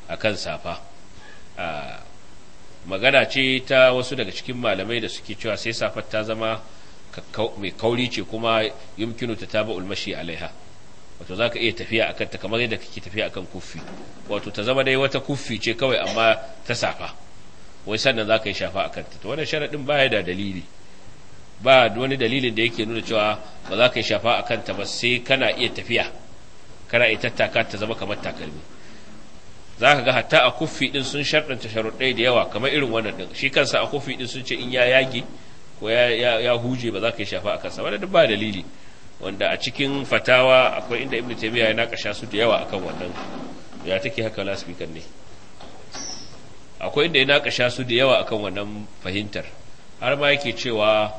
akan safa magana ce ta wasu daga cikin malamai da suke cewa sai safar ta zama mai kauri ce kuma yumkinu ta taba ulmashi alaiha wato za ka iya tafiya a kanta kamar yadda kake tafiya akan kuffi wato ta zama dai wata kuffi ce kawai amma ta safa wai sannan za ka yi shafa a kanta to wannan sharaɗin baya da dalili ba wani dalilin da yake nuna cewa ba za ka yi shafa a kanta ba sai kana iya tafiya kana iya tattaka ta zama kamar takalmi za ka ga hatta a kufi din sun sharɗanta sharuɗai da yawa kamar irin wannan din shi kansa a kufi din sun ce in ya yage ko ya huje ba za ka yi shafa a kansa wanda duk ba dalili wanda a cikin fatawa akwai inda ibnu taymiya ya nakasha su da yawa akan wannan ya take haka speaker ne akwai inda ya nakasha su da yawa akan wannan fahimtar har ma yake cewa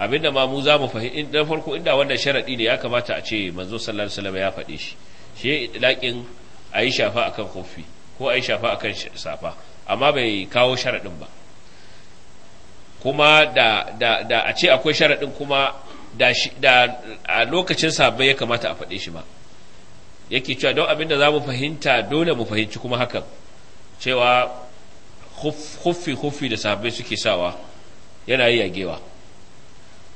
abinda ma mu za mu fahimci na farko inda wannan sharadi ne ya kamata a ce manzo sallallahu alaihi ya faɗe shi shi a yi shafa akan kofi ko yi shafa akan safa amma bai kawo sharaɗin ba kuma da da da a ce akwai sharadin kuma da da a lokacin sabai ya kamata a faɗe shi ba yake cewa don abinda za mu fahimta dole mu fahimci kuma hakan cewa khuffi khuffi da sabai suke sawa yana yi yagewa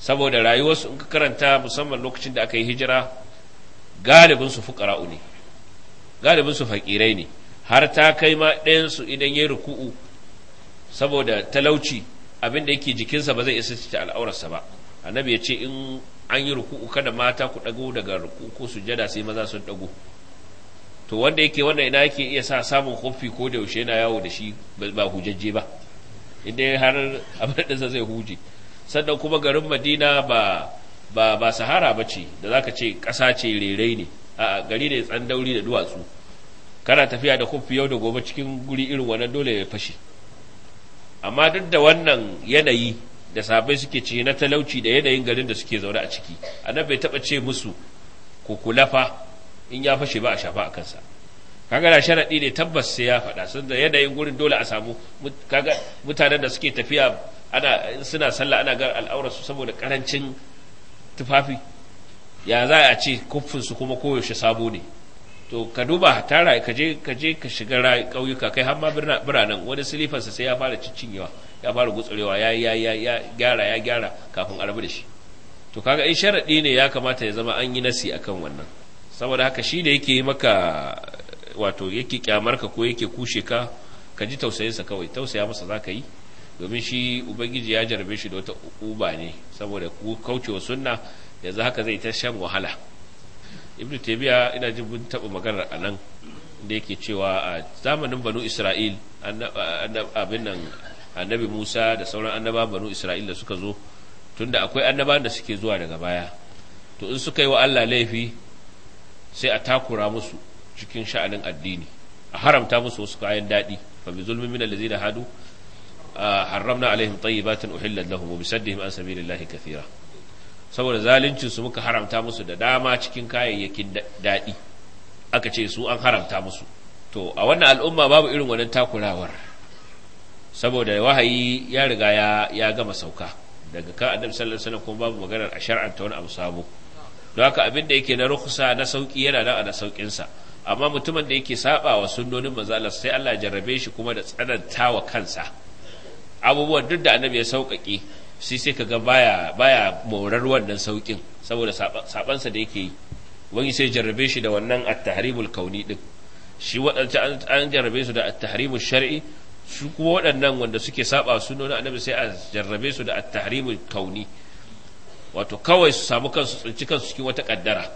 saboda rayuwarsu in ka karanta musamman lokacin da aka yi hijira galibin su fuqara'u ne galibin su fakirai ne har ta kai ma ɗayan su idan yayi ruku'u saboda talauci abinda da yake jikinsa ba zai isa ta al'aurarsa ba annabi ya ce in an yi ruku'u kada mata ku dago daga ruku'u ko sujada sai maza su dago to wanda yake wanda ina yake iya sa samun kofi ko da yaushe yana yawo da shi ba hujajje ba idan har abin da zai huje sannan kuma garin madina ba ba ba sahara ba ce da zaka ce ƙasa ce rere ne a gari ne tsandauri da duwatsu kana tafiya da kufi yau da gobe cikin guri irin wannan dole ya fashe amma duk da wannan yanayi da sabai suke ci na talauci da yanayin garin da suke zaune a ciki annabi bai taba ce musu ku kulafa in ya fashe ba a shafa a kansa kaga da sharaɗi ne tabbas sai ya faɗa sun da yanayin gurin dole a samu kaga mutanen da suke tafiya ana suna sallah ana ga su saboda karancin tufafi ya za a ce su kuma koyaushe sabo ne to ka duba tara ka je ka je ka shiga ƙauyuka kai har ma biranen wani silifansa sai ya fara cinyewa ya fara gutsurewa ya ya ya gyara ya gyara kafin a da shi to kaga in sharadi ne ya kamata ya zama an yi nasi akan wannan saboda haka shi da yake maka wato yake kyamarka ko yake kushe ka ka ji tausayinsa kawai tausaya masa za ka yi domin shi ubangiji ya jarabe shi da wata uba ne saboda kaucewa sunna yanzu haka zai ta shan wahala ibnu tabiya ina jin mun taba maganar anan da yake cewa a zamanin banu isra'il abin nan annabi musa da sauran annaba banu isra'il da suka zo tunda akwai annaba da suke zuwa daga baya to in suka yi wa allah laifi sai a takura musu cikin sha'anin addini a haramta musu wasu kayan daɗi fa bi zulmin min da hadu harramna alaihim tayyibatin uhillat lahum wa bisaddihim an sabilillahi kathira saboda zalincin su muka haramta musu da dama cikin kayayyakin daɗi aka ce su an haramta musu to a wannan al'umma babu irin wannan takurawar saboda wahayi ya riga ya ya gama sauka daga kan annabi sallallahu alaihi kuma babu maganar a shar'anta wani abu sabo don haka abin da yake na rukhsa na sauki yana nan a da saukin sa amma mutumin da yake saba wa sunnonin manzo Allah sai Allah ya jarrabe shi kuma da tsanantawa kansa abubuwan duk da annabi ya sauƙaƙe sai sai kaga baya baya morar wannan sauƙin saboda sabansa da yake yi wani sai jarrabe shi da wannan at tahribul kauni din shi waɗancan an jarrabe su da at tahribul shar'i su kuma waɗannan wanda suke saba nuna annabi sai a jarrabe su da at tahribul kauni wato kawai su samu kansu tsinci kansu cikin wata kaddara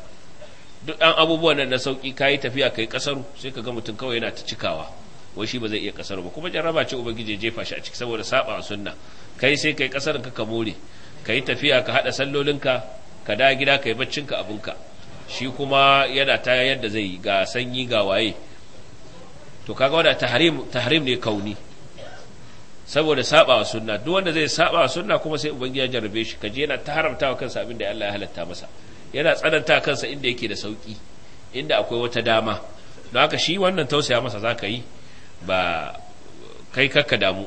duk ɗan abubuwan nan na sauƙi kai tafiya kai kasaru sai ka ga mutum kawai yana ta cikawa wai shi ba zai iya kasar ba kuma jaraba ce ubangiji ya jefa shi a ciki saboda saba sunna kai sai kai kasar ka ka more kai tafiya ka hada sallolinka ka da gida ka yi kai abun ka shi kuma yana ta yadda zai ga sanyi ga waye to kaga wannan tahrim tahrim ne kauni saboda saba sunna duk wanda zai saba sunna kuma sai ubangiji ya jarrabe shi kaje yana ta wa kansa abin da Allah ya halatta masa yana tsananta kansa inda yake da sauki inda akwai wata dama don haka shi wannan tausaya masa zaka yi ba kai kakka damu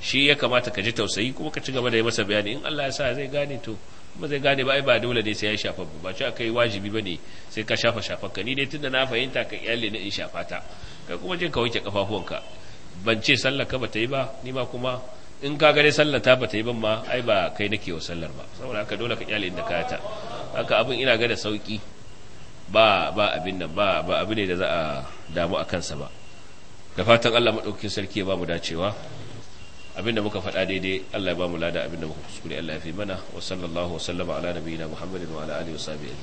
shi ya kamata ka ji tausayi kuma ka ci gaba da yi masa bayani in Allah ya sa zai gane to kuma zai gane ba ai ba dole ne sai ya shafa ba ba akai wajibi wajibi ne sai ka shafa shafa ka ni dai tunda na fahimta ka iyali na in shafa ta kai kuma je ka wanke kafafuwanka ban ce sallar ka bata yi ba ni ma kuma in ka gare sallar ta bata yi ban ma ai ba kai nake wa sallar ba saboda haka dole ka iyali inda ka ta haka abin ina ga da sauki ba ba abin nan ba ba abin ne da za a damu a kansa ba da fatan Allah maɗaukin sarki ya ba mu dacewa abinda muka faɗa daidai Allah ya ba mu lada abinda muka kuskure Allah ya fi mana wa sallallahu wa sallama ala nabiyina Muhammadin wa ala alihi wa sahbihi